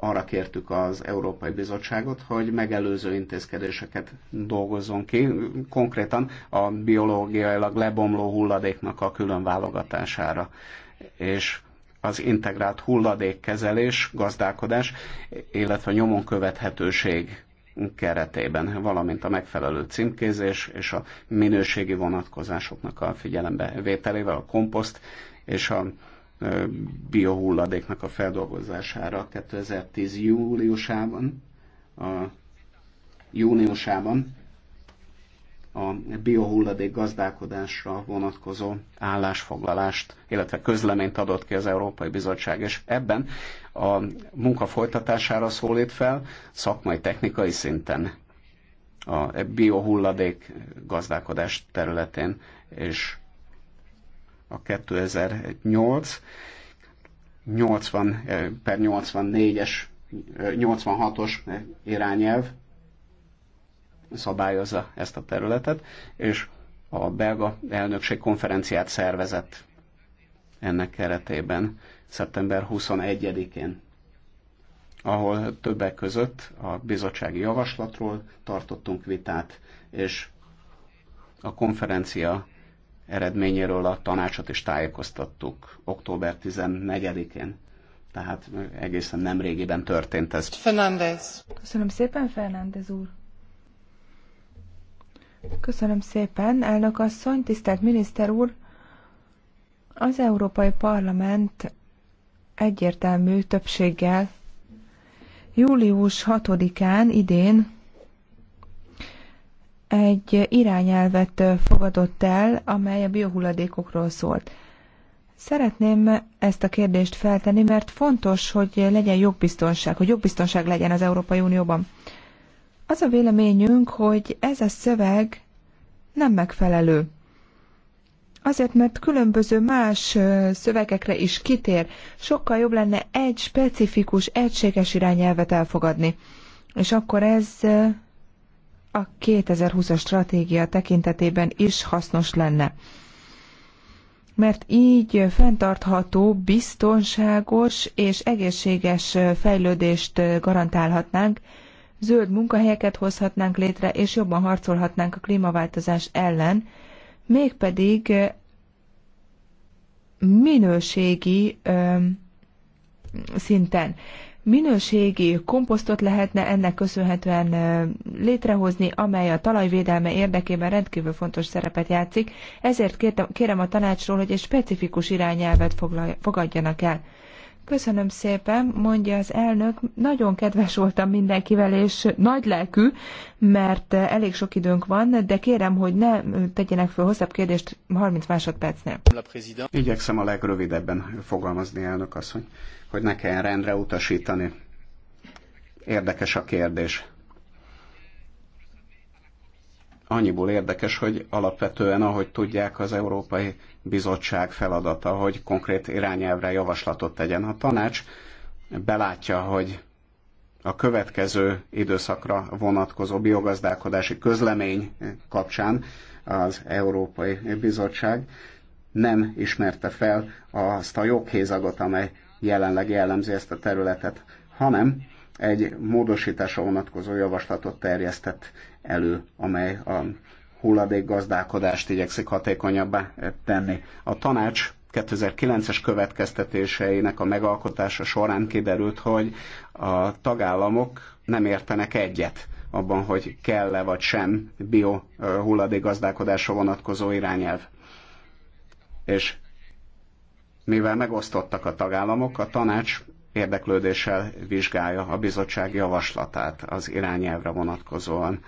arra kértük az Európai Bizottságot, hogy megelőző intézkedéseket dolgozzon ki, konkrétan a biológiailag lebomló hulladéknak a külön válogatására. És az integrált hulladékkezelés, gazdálkodás, illetve nyomon követhetőség keretében, valamint a megfelelő címkézés és a minőségi vonatkozásoknak a figyelembe vételével, a komposzt és a biohulladéknak a feldolgozására 2010 júliusában, a júniusában a biohulladék gazdálkodásra vonatkozó állásfoglalást, illetve közleményt adott ki az Európai Bizottság, és ebben a munka folytatására szólít fel szakmai technikai szinten a biohulladék gazdálkodás területén, és a 2008 80 eh, per 84-es 86-os eh, eh, irányelv szabályozza ezt a területet, és a belga elnökség konferenciát szervezett ennek keretében szeptember 21-én, ahol többek között a bizottsági javaslatról tartottunk vitát, és a konferencia eredményéről a tanácsot is tájékoztattuk október 14-én. Tehát egészen nem régiben történt ez. Fernández. Köszönöm szépen, Fernández úr. Köszönöm szépen, elnök asszony, tisztelt miniszter úr! Az Európai Parlament egyértelmű többséggel július 6-án idén egy irányelvet fogadott el, amely a biohulladékokról szólt. Szeretném ezt a kérdést feltenni, mert fontos, hogy legyen jogbiztonság, hogy jogbiztonság legyen az Európai Unióban. Az a véleményünk, hogy ez a szöveg nem megfelelő. Azért, mert különböző más szövegekre is kitér, sokkal jobb lenne egy specifikus, egységes irányelvet elfogadni. És akkor ez a 2020-as stratégia tekintetében is hasznos lenne. Mert így fenntartható, biztonságos és egészséges fejlődést garantálhatnánk, zöld munkahelyeket hozhatnánk létre, és jobban harcolhatnánk a klímaváltozás ellen, mégpedig minőségi szinten. Minőségi komposztot lehetne ennek köszönhetően létrehozni, amely a talajvédelme érdekében rendkívül fontos szerepet játszik, ezért kérem a tanácsról, hogy egy specifikus irányelvet fogadjanak el. Köszönöm szépen, mondja az elnök. Nagyon kedves voltam mindenkivel, és nagy lelkű, mert elég sok időnk van, de kérem, hogy ne tegyenek föl hosszabb kérdést 30 másodpercnél. Igyekszem a legrövidebben fogalmazni, elnök asszony, hogy ne kelljen rendre utasítani. Érdekes a kérdés annyiból érdekes, hogy alapvetően, ahogy tudják, az Európai Bizottság feladata, hogy konkrét irányelvre javaslatot tegyen. A tanács belátja, hogy a következő időszakra vonatkozó biogazdálkodási közlemény kapcsán az Európai Bizottság nem ismerte fel azt a joghézagot, amely jelenleg jellemzi ezt a területet, hanem egy módosításra vonatkozó javaslatot terjesztett elő, amely a hulladékgazdálkodást igyekszik hatékonyabbá tenni. A tanács 2009-es következtetéseinek a megalkotása során kiderült, hogy a tagállamok nem értenek egyet abban, hogy kell-e vagy sem bio hulladékgazdálkodásra vonatkozó irányelv. És mivel megosztottak a tagállamok, a tanács érdeklődéssel vizsgálja a bizottság javaslatát az irányelvre vonatkozóan.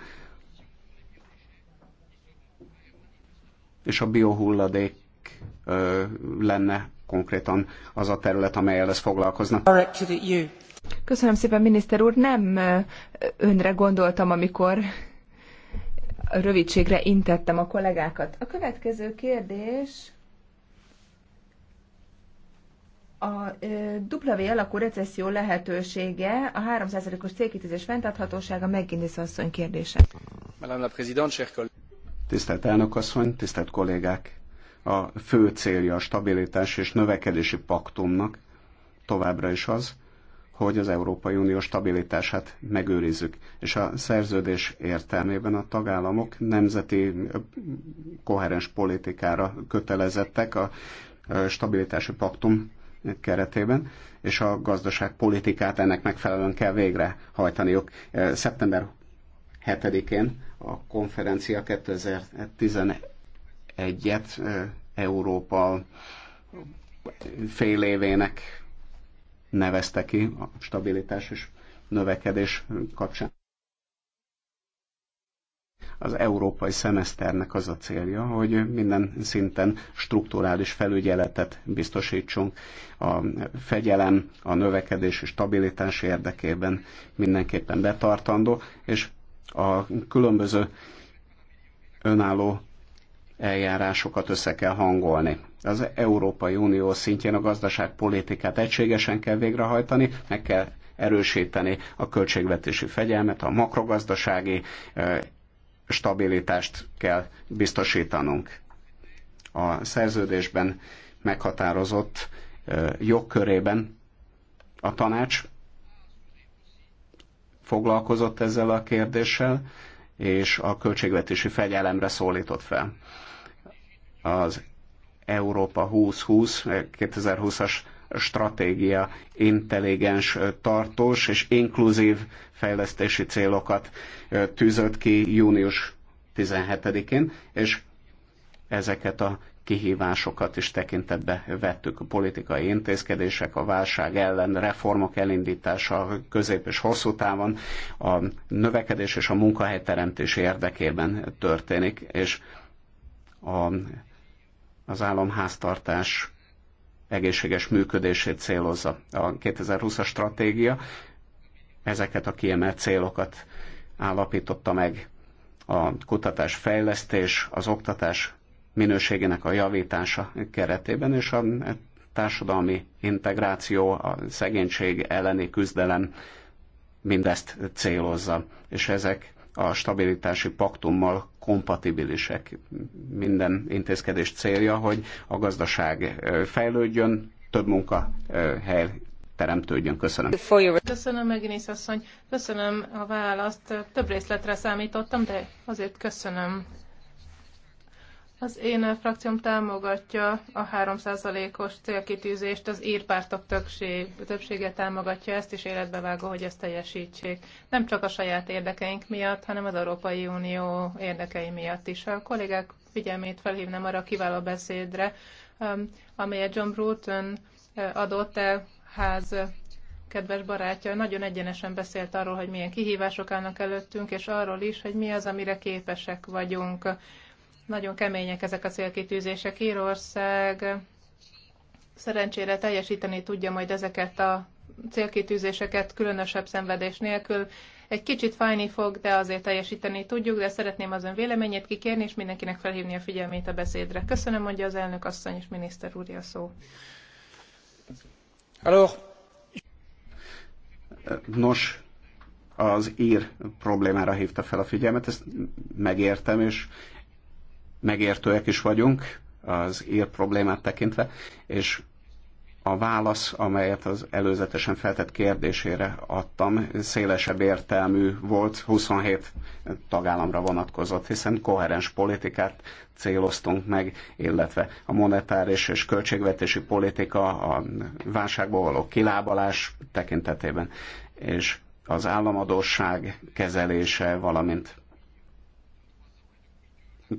És a biohulladék ö, lenne konkrétan az a terület, amelyel ez foglalkozna. Köszönöm szépen, miniszter úr. Nem önre gondoltam, amikor rövidségre intettem a kollégákat. A következő kérdés a W alakú recesszió lehetősége, a 3%-os célkitűzés fenntarthatósága megint asszony kérdése. Madame la Présidente, chers Tisztelt elnök asszony, tisztelt kollégák! A fő célja a stabilitás és növekedési paktumnak továbbra is az, hogy az Európai Unió stabilitását megőrizzük, és a szerződés értelmében a tagállamok nemzeti koherens politikára kötelezettek a stabilitási paktum keretében, és a gazdaságpolitikát ennek megfelelően kell végrehajtaniuk. Eh, szeptember 7-én a konferencia 2011-et eh, Európa fél évének nevezte ki a stabilitás és növekedés kapcsán. Az európai szemeszternek az a célja, hogy minden szinten strukturális felügyeletet biztosítsunk a fegyelem, a növekedés és stabilitás érdekében mindenképpen betartandó, és a különböző önálló eljárásokat össze kell hangolni. Az Európai Unió szintjén a gazdaságpolitikát egységesen kell végrehajtani, meg kell erősíteni a költségvetési fegyelmet, a makrogazdasági eh, stabilitást kell biztosítanunk. A szerződésben meghatározott jogkörében a tanács foglalkozott ezzel a kérdéssel, és a költségvetési fegyelemre szólított fel. Az Európa 2020 2020-as stratégia intelligens, tartós és inkluzív fejlesztési célokat tűzött ki június 17-én, és ezeket a kihívásokat is tekintetbe vettük. A politikai intézkedések, a válság ellen, reformok elindítása közép és hosszú távon a növekedés és a munkahelyteremtés érdekében történik, és a, az államháztartás egészséges működését célozza a 2020-as stratégia. Ezeket a kiemelt célokat állapította meg a kutatás fejlesztés, az oktatás minőségének a javítása keretében, és a társadalmi integráció, a szegénység elleni küzdelem mindezt célozza. És ezek a stabilitási paktummal kompatibilisek. Minden intézkedés célja, hogy a gazdaság fejlődjön, több munkahely teremtődjön. Köszönöm. Köszönöm, Meginész asszony. Köszönöm a választ. Több részletre számítottam, de azért köszönöm. Az én frakcióm támogatja a 3%-os célkitűzést, az írpártok többség, többsége támogatja ezt, és életbevágó, hogy ezt teljesítsék. Nem csak a saját érdekeink miatt, hanem az Európai Unió érdekei miatt is. A kollégák figyelmét felhívnám arra a kiváló beszédre, um, amelyet John Bruton uh, adott el ház kedves barátja, nagyon egyenesen beszélt arról, hogy milyen kihívások állnak előttünk, és arról is, hogy mi az, amire képesek vagyunk nagyon kemények ezek a célkitűzések. Írország szerencsére teljesíteni tudja majd ezeket a célkitűzéseket különösebb szenvedés nélkül. Egy kicsit fájni fog, de azért teljesíteni tudjuk, de szeretném az ön véleményét kikérni, és mindenkinek felhívni a figyelmét a beszédre. Köszönöm, mondja az elnök asszony és miniszter úr a szó. Hello. Nos, az ír problémára hívta fel a figyelmet, ezt megértem, és megértőek is vagyunk az ír problémát tekintve, és a válasz, amelyet az előzetesen feltett kérdésére adtam, szélesebb értelmű volt, 27 tagállamra vonatkozott, hiszen koherens politikát céloztunk meg, illetve a monetáris és költségvetési politika, a válságból való kilábalás tekintetében, és az államadóság kezelése, valamint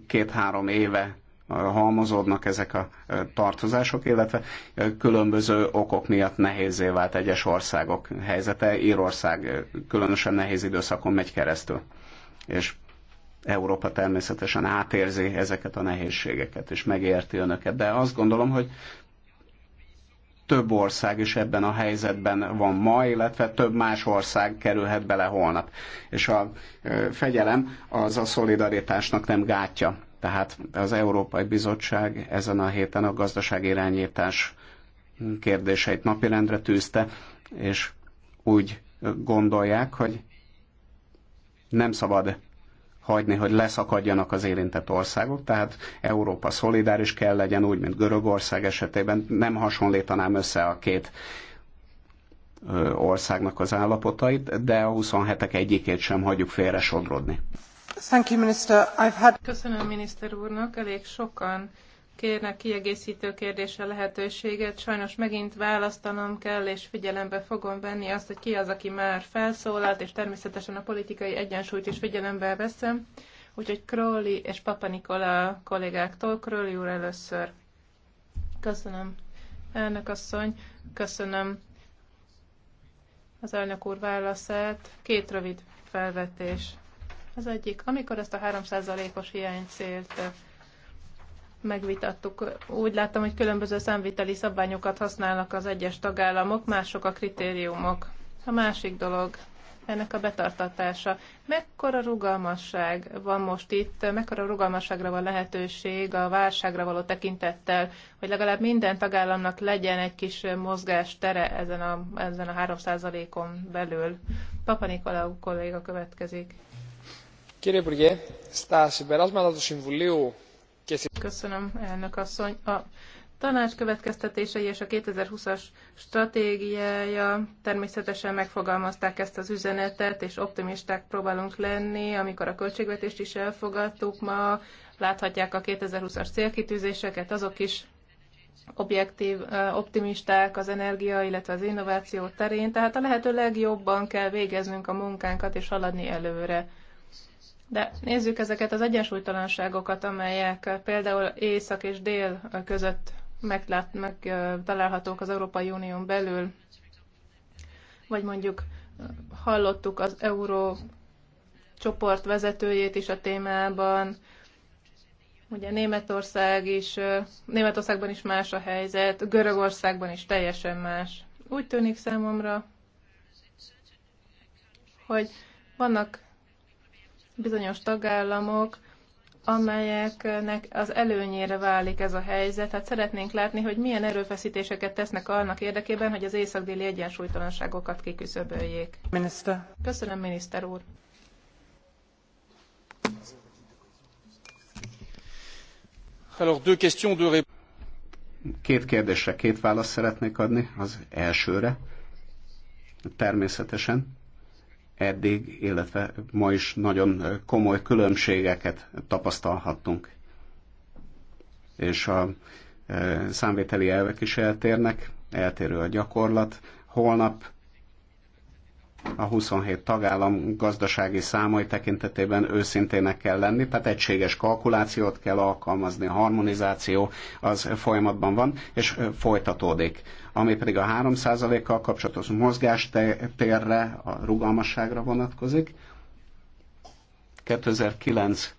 két-három éve halmozódnak ezek a tartozások, illetve különböző okok miatt nehézé vált egyes országok helyzete. Írország különösen nehéz időszakon megy keresztül, és Európa természetesen átérzi ezeket a nehézségeket, és megérti önöket. De azt gondolom, hogy több ország is ebben a helyzetben van ma, illetve több más ország kerülhet bele holnap. És a fegyelem az a szolidaritásnak nem gátja. Tehát az Európai Bizottság ezen a héten a gazdaság irányítás kérdéseit napirendre tűzte, és úgy gondolják, hogy nem szabad hagyni, hogy leszakadjanak az érintett országok, tehát Európa szolidáris kell legyen, úgy, mint Görögország esetében. Nem hasonlítanám össze a két országnak az állapotait, de a 27-ek egyikét sem hagyjuk félre sodrodni. Thank you, minister. I've had... Köszönöm miniszter úrnak, elég sokan kérnek kiegészítő kérdésre lehetőséget. Sajnos megint választanom kell, és figyelembe fogom venni azt, hogy ki az, aki már felszólalt, és természetesen a politikai egyensúlyt is figyelembe veszem. Úgyhogy Króli és Papa Nikola kollégáktól Króli úr először. Köszönöm, elnök asszony, köszönöm az elnök úr válaszát. Két rövid felvetés. Az egyik, amikor ezt a 3%-os célt megvitattuk. Úgy láttam, hogy különböző számviteli szabványokat használnak az egyes tagállamok, mások a kritériumok. A másik dolog, ennek a betartatása. Mekkora rugalmasság van most itt, mekkora rugalmasságra van lehetőség a válságra való tekintettel, hogy legalább minden tagállamnak legyen egy kis tere ezen a, ezen a 3%-on belül. Papa Nikolau kolléga következik. Kérem, Burgé, sztá, συμπεράσματα του Συμβουλίου Köszönöm, elnök asszony. A tanács következtetései és a 2020-as stratégiája természetesen megfogalmazták ezt az üzenetet, és optimisták próbálunk lenni, amikor a költségvetést is elfogadtuk ma, láthatják a 2020-as célkitűzéseket, azok is objektív, optimisták az energia, illetve az innováció terén, tehát a lehető legjobban kell végeznünk a munkánkat és haladni előre. De nézzük ezeket az egyensúlytalanságokat, amelyek például észak és dél között meglát, megtalálhatók az Európai Unión belül, vagy mondjuk hallottuk az euró csoport vezetőjét is a témában, ugye Németország is, Németországban is más a helyzet, Görögországban is teljesen más. Úgy tűnik számomra, hogy vannak bizonyos tagállamok, amelyeknek az előnyére válik ez a helyzet. Hát szeretnénk látni, hogy milyen erőfeszítéseket tesznek annak érdekében, hogy az észak-déli egyensúlytalanságokat kiküszöböljék. Minister. Köszönöm, miniszter úr. Két kérdésre két választ szeretnék adni. Az elsőre természetesen eddig, illetve ma is nagyon komoly különbségeket tapasztalhattunk. És a e, számvételi elvek is eltérnek, eltérő a gyakorlat. Holnap a 27 tagállam gazdasági számai tekintetében őszintének kell lenni, tehát egységes kalkulációt kell alkalmazni, a harmonizáció az folyamatban van, és folytatódik. Ami pedig a 3%-kal kapcsolatos mozgástérre, a rugalmasságra vonatkozik. 2009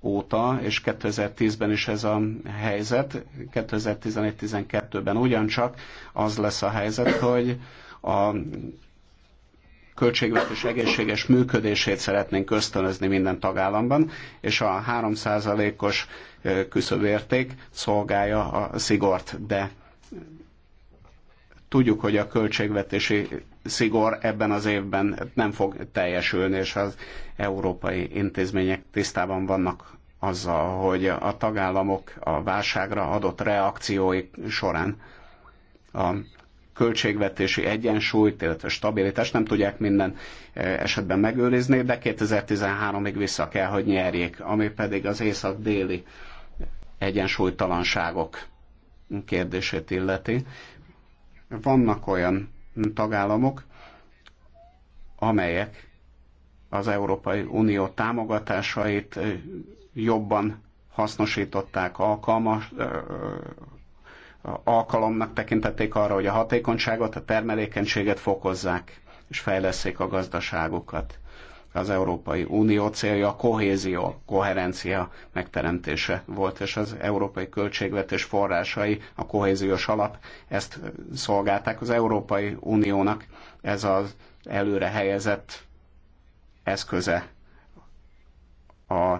óta, és 2010-ben is ez a helyzet, 2011-12-ben ugyancsak az lesz a helyzet, hogy a költségvetés egészséges működését szeretnénk ösztönözni minden tagállamban, és a 3%-os küszöbérték szolgálja a szigort, de tudjuk, hogy a költségvetési szigor ebben az évben nem fog teljesülni, és az európai intézmények tisztában vannak azzal, hogy a tagállamok a válságra adott reakciói során a költségvetési egyensúlyt, illetve stabilitást nem tudják minden e, esetben megőrizni, de 2013-ig vissza kell, hogy nyerjék, ami pedig az észak-déli egyensúlytalanságok kérdését illeti. Vannak olyan tagállamok, amelyek az Európai Unió támogatásait e, jobban hasznosították, alkalmas, e, alkalomnak tekintették arra, hogy a hatékonyságot, a termelékenységet fokozzák, és fejleszék a gazdaságukat. Az Európai Unió célja a kohézió, koherencia megteremtése volt, és az európai költségvetés forrásai, a kohéziós alap ezt szolgálták az Európai Uniónak. Ez az előre helyezett eszköze a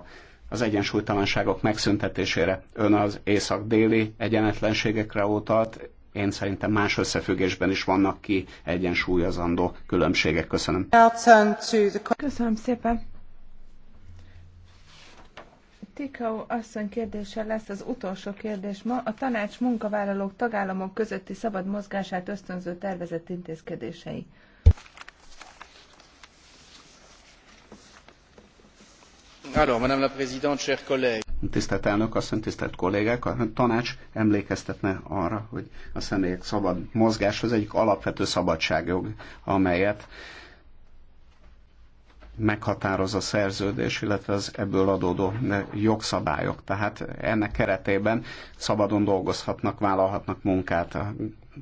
az egyensúlytalanságok megszüntetésére. Ön az észak-déli egyenetlenségekre utalt, én szerintem más összefüggésben is vannak ki egyensúlyozandó különbségek. Köszönöm. Köszönöm szépen. Tikau asszony kérdése lesz az utolsó kérdés ma. A tanács munkavállalók tagállamok közötti szabad mozgását ösztönző tervezett intézkedései. Tisztelt elnök asszony, tisztelt kollégák, a tanács emlékeztetne arra, hogy a személyek szabad mozgás az egyik alapvető szabadságjog, amelyet meghatároz a szerződés, illetve az ebből adódó jogszabályok. Tehát ennek keretében szabadon dolgozhatnak, vállalhatnak munkát a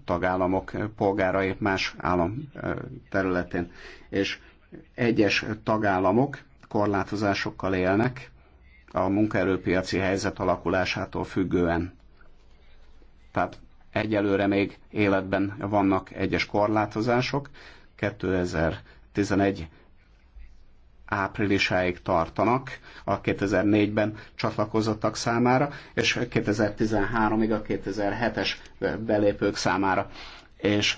tagállamok polgárai más állam területén. És egyes tagállamok korlátozásokkal élnek a munkaerőpiaci helyzet alakulásától függően. Tehát egyelőre még életben vannak egyes korlátozások, 2011 áprilisáig tartanak a 2004-ben csatlakozottak számára, és 2013-ig a 2007-es belépők számára. És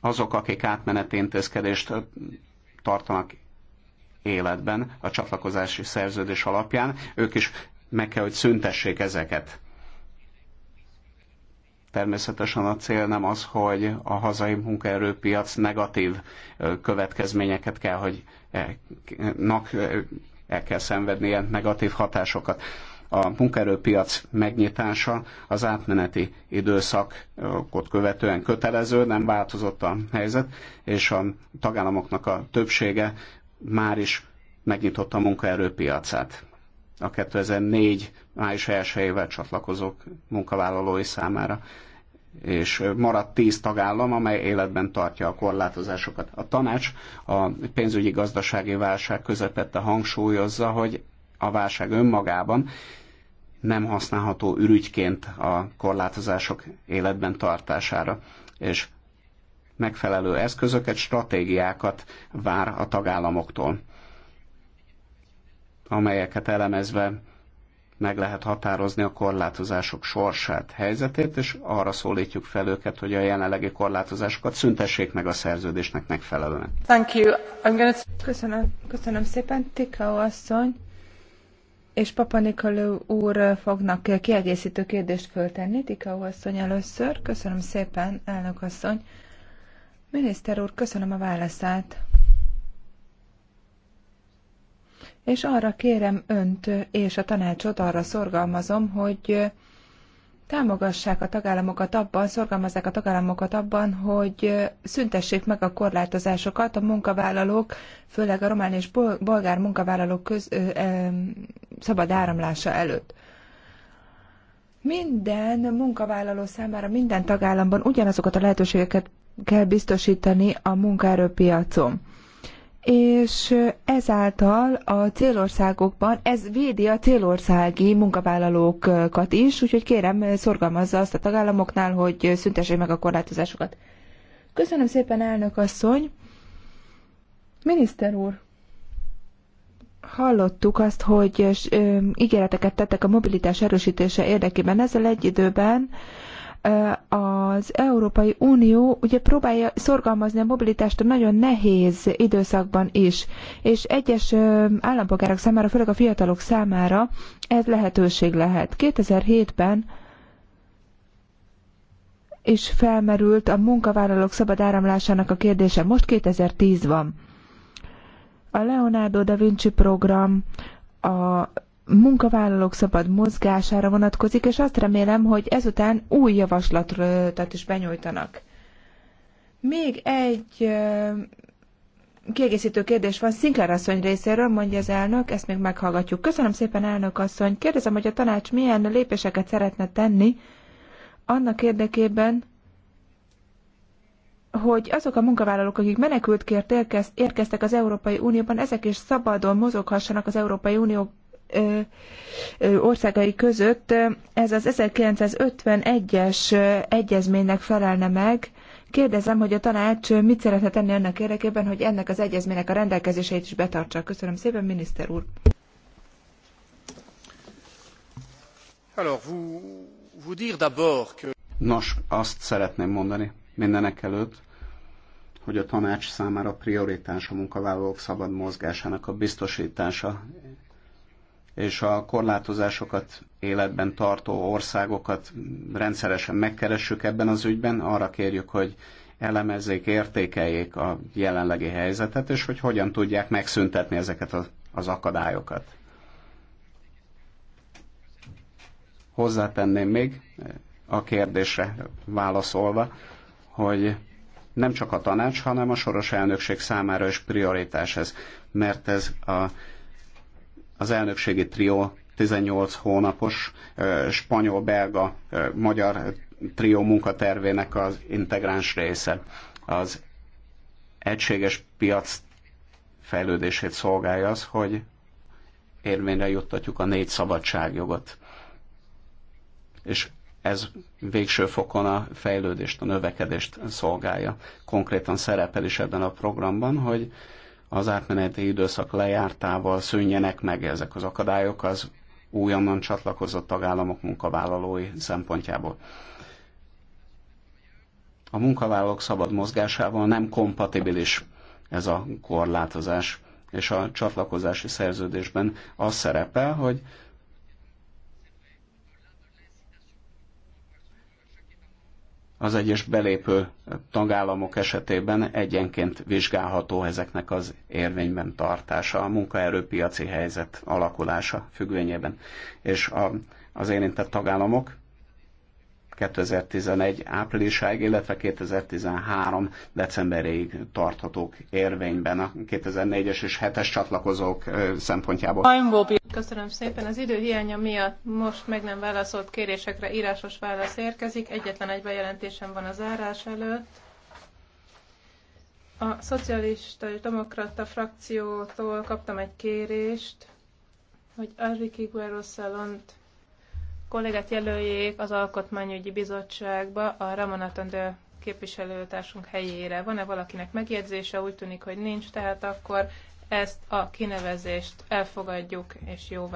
azok, akik átmeneti intézkedést tartanak életben a csatlakozási szerződés alapján, ők is meg kell, hogy szüntessék ezeket. Természetesen a cél nem az, hogy a hazai munkaerőpiac negatív következményeket kell, hogy e, el kell szenvedni ilyen negatív hatásokat. A munkaerőpiac megnyitása az átmeneti időszakot követően kötelező, nem változott a helyzet, és a tagállamoknak a többsége már is megnyitotta a munkaerőpiacát a 2004 május 1-ével csatlakozók munkavállalói számára, és maradt 10 tagállam, amely életben tartja a korlátozásokat. A tanács a pénzügyi gazdasági válság közepette hangsúlyozza, hogy a válság önmagában nem használható ürügyként a korlátozások életben tartására, és megfelelő eszközöket, stratégiákat vár a tagállamoktól, amelyeket elemezve meg lehet határozni a korlátozások sorsát, helyzetét, és arra szólítjuk fel őket, hogy a jelenlegi korlátozásokat szüntessék meg a szerződésnek megfelelően. Thank you. I'm gonna... köszönöm, köszönöm szépen, Tikao asszony, és Papa Nikolau úr fognak kiegészítő kérdést föltenni. Tikao asszony először. Köszönöm szépen, elnök asszony. Miniszter úr, köszönöm a válaszát. És arra kérem önt és a tanácsot, arra szorgalmazom, hogy támogassák a tagállamokat abban, szorgalmazzák a tagállamokat abban, hogy szüntessék meg a korlátozásokat a munkavállalók, főleg a román és bolgár munkavállalók köz, ö, ö, szabad áramlása előtt. Minden munkavállaló számára minden tagállamban ugyanazokat a lehetőségeket kell biztosítani a munkaerőpiacon. És ezáltal a célországokban, ez védi a célországi munkavállalókat is, úgyhogy kérem, szorgalmazza azt a tagállamoknál, hogy szüntessék meg a korlátozásokat. Köszönöm szépen, elnök asszony! Miniszter úr! hallottuk azt, hogy ígéreteket tettek a mobilitás erősítése érdekében. Ezzel egy időben az Európai Unió ugye próbálja szorgalmazni a mobilitást a nagyon nehéz időszakban is, és egyes állampolgárok számára, főleg a fiatalok számára ez lehetőség lehet. 2007-ben és felmerült a munkavállalók szabad áramlásának a kérdése. Most 2010 van. A Leonardo da Vinci program, a munkavállalók szabad mozgására vonatkozik, és azt remélem, hogy ezután új javaslatot is benyújtanak. Még egy kiegészítő kérdés van Sinclair asszony részéről, mondja az elnök, ezt még meghallgatjuk. Köszönöm szépen, elnök asszony. Kérdezem, hogy a tanács milyen lépéseket szeretne tenni annak érdekében, hogy azok a munkavállalók, akik menekültkért érkeztek az Európai Unióban, ezek is szabadon mozoghassanak az Európai Unió országai között ez az 1951-es egyezménynek felelne meg. Kérdezem, hogy a tanács mit szeretne tenni annak érdekében, hogy ennek az egyezménynek a rendelkezéseit is betartsa. Köszönöm szépen, miniszter úr. Nos, azt szeretném mondani mindenek előtt, hogy a tanács számára prioritás a munkavállalók szabad mozgásának a biztosítása, és a korlátozásokat életben tartó országokat rendszeresen megkeressük ebben az ügyben, arra kérjük, hogy elemezzék, értékeljék a jelenlegi helyzetet, és hogy hogyan tudják megszüntetni ezeket az akadályokat. Hozzátenném még a kérdésre válaszolva, hogy nem csak a tanács, hanem a soros elnökség számára is prioritás ez, mert ez a az elnökségi trió 18 hónapos spanyol-belga magyar trió munkatervének az integráns része. Az egységes piac fejlődését szolgálja az, hogy érvényre juttatjuk a négy szabadságjogot. És ez végső fokon a fejlődést, a növekedést szolgálja. Konkrétan szerepel is ebben a programban, hogy az átmeneti időszak lejártával szűnjenek meg ezek az akadályok az újonnan csatlakozott tagállamok munkavállalói szempontjából. A munkavállalók szabad mozgásával nem kompatibilis ez a korlátozás, és a csatlakozási szerződésben az szerepel, hogy az egyes belépő tagállamok esetében egyenként vizsgálható ezeknek az érvényben tartása, a munkaerőpiaci helyzet alakulása függvényében. És a, az érintett tagállamok 2011 áprilisáig, illetve 2013 decemberéig tarthatók érvényben a 2004-es és 7-es csatlakozók szempontjából. Köszönöm szépen. Az idő hiánya miatt most meg nem válaszolt kérésekre írásos válasz érkezik. Egyetlen egy bejelentésem van az árás előtt. A szocialista és demokrata frakciótól kaptam egy kérést, hogy Enrique Guerrero Salont kollégát jelöljék az Alkotmányügyi Bizottságba a Ramonatandő képviselőtársunk helyére. Van-e valakinek megjegyzése? Úgy tűnik, hogy nincs, tehát akkor ezt a kinevezést elfogadjuk és jóvá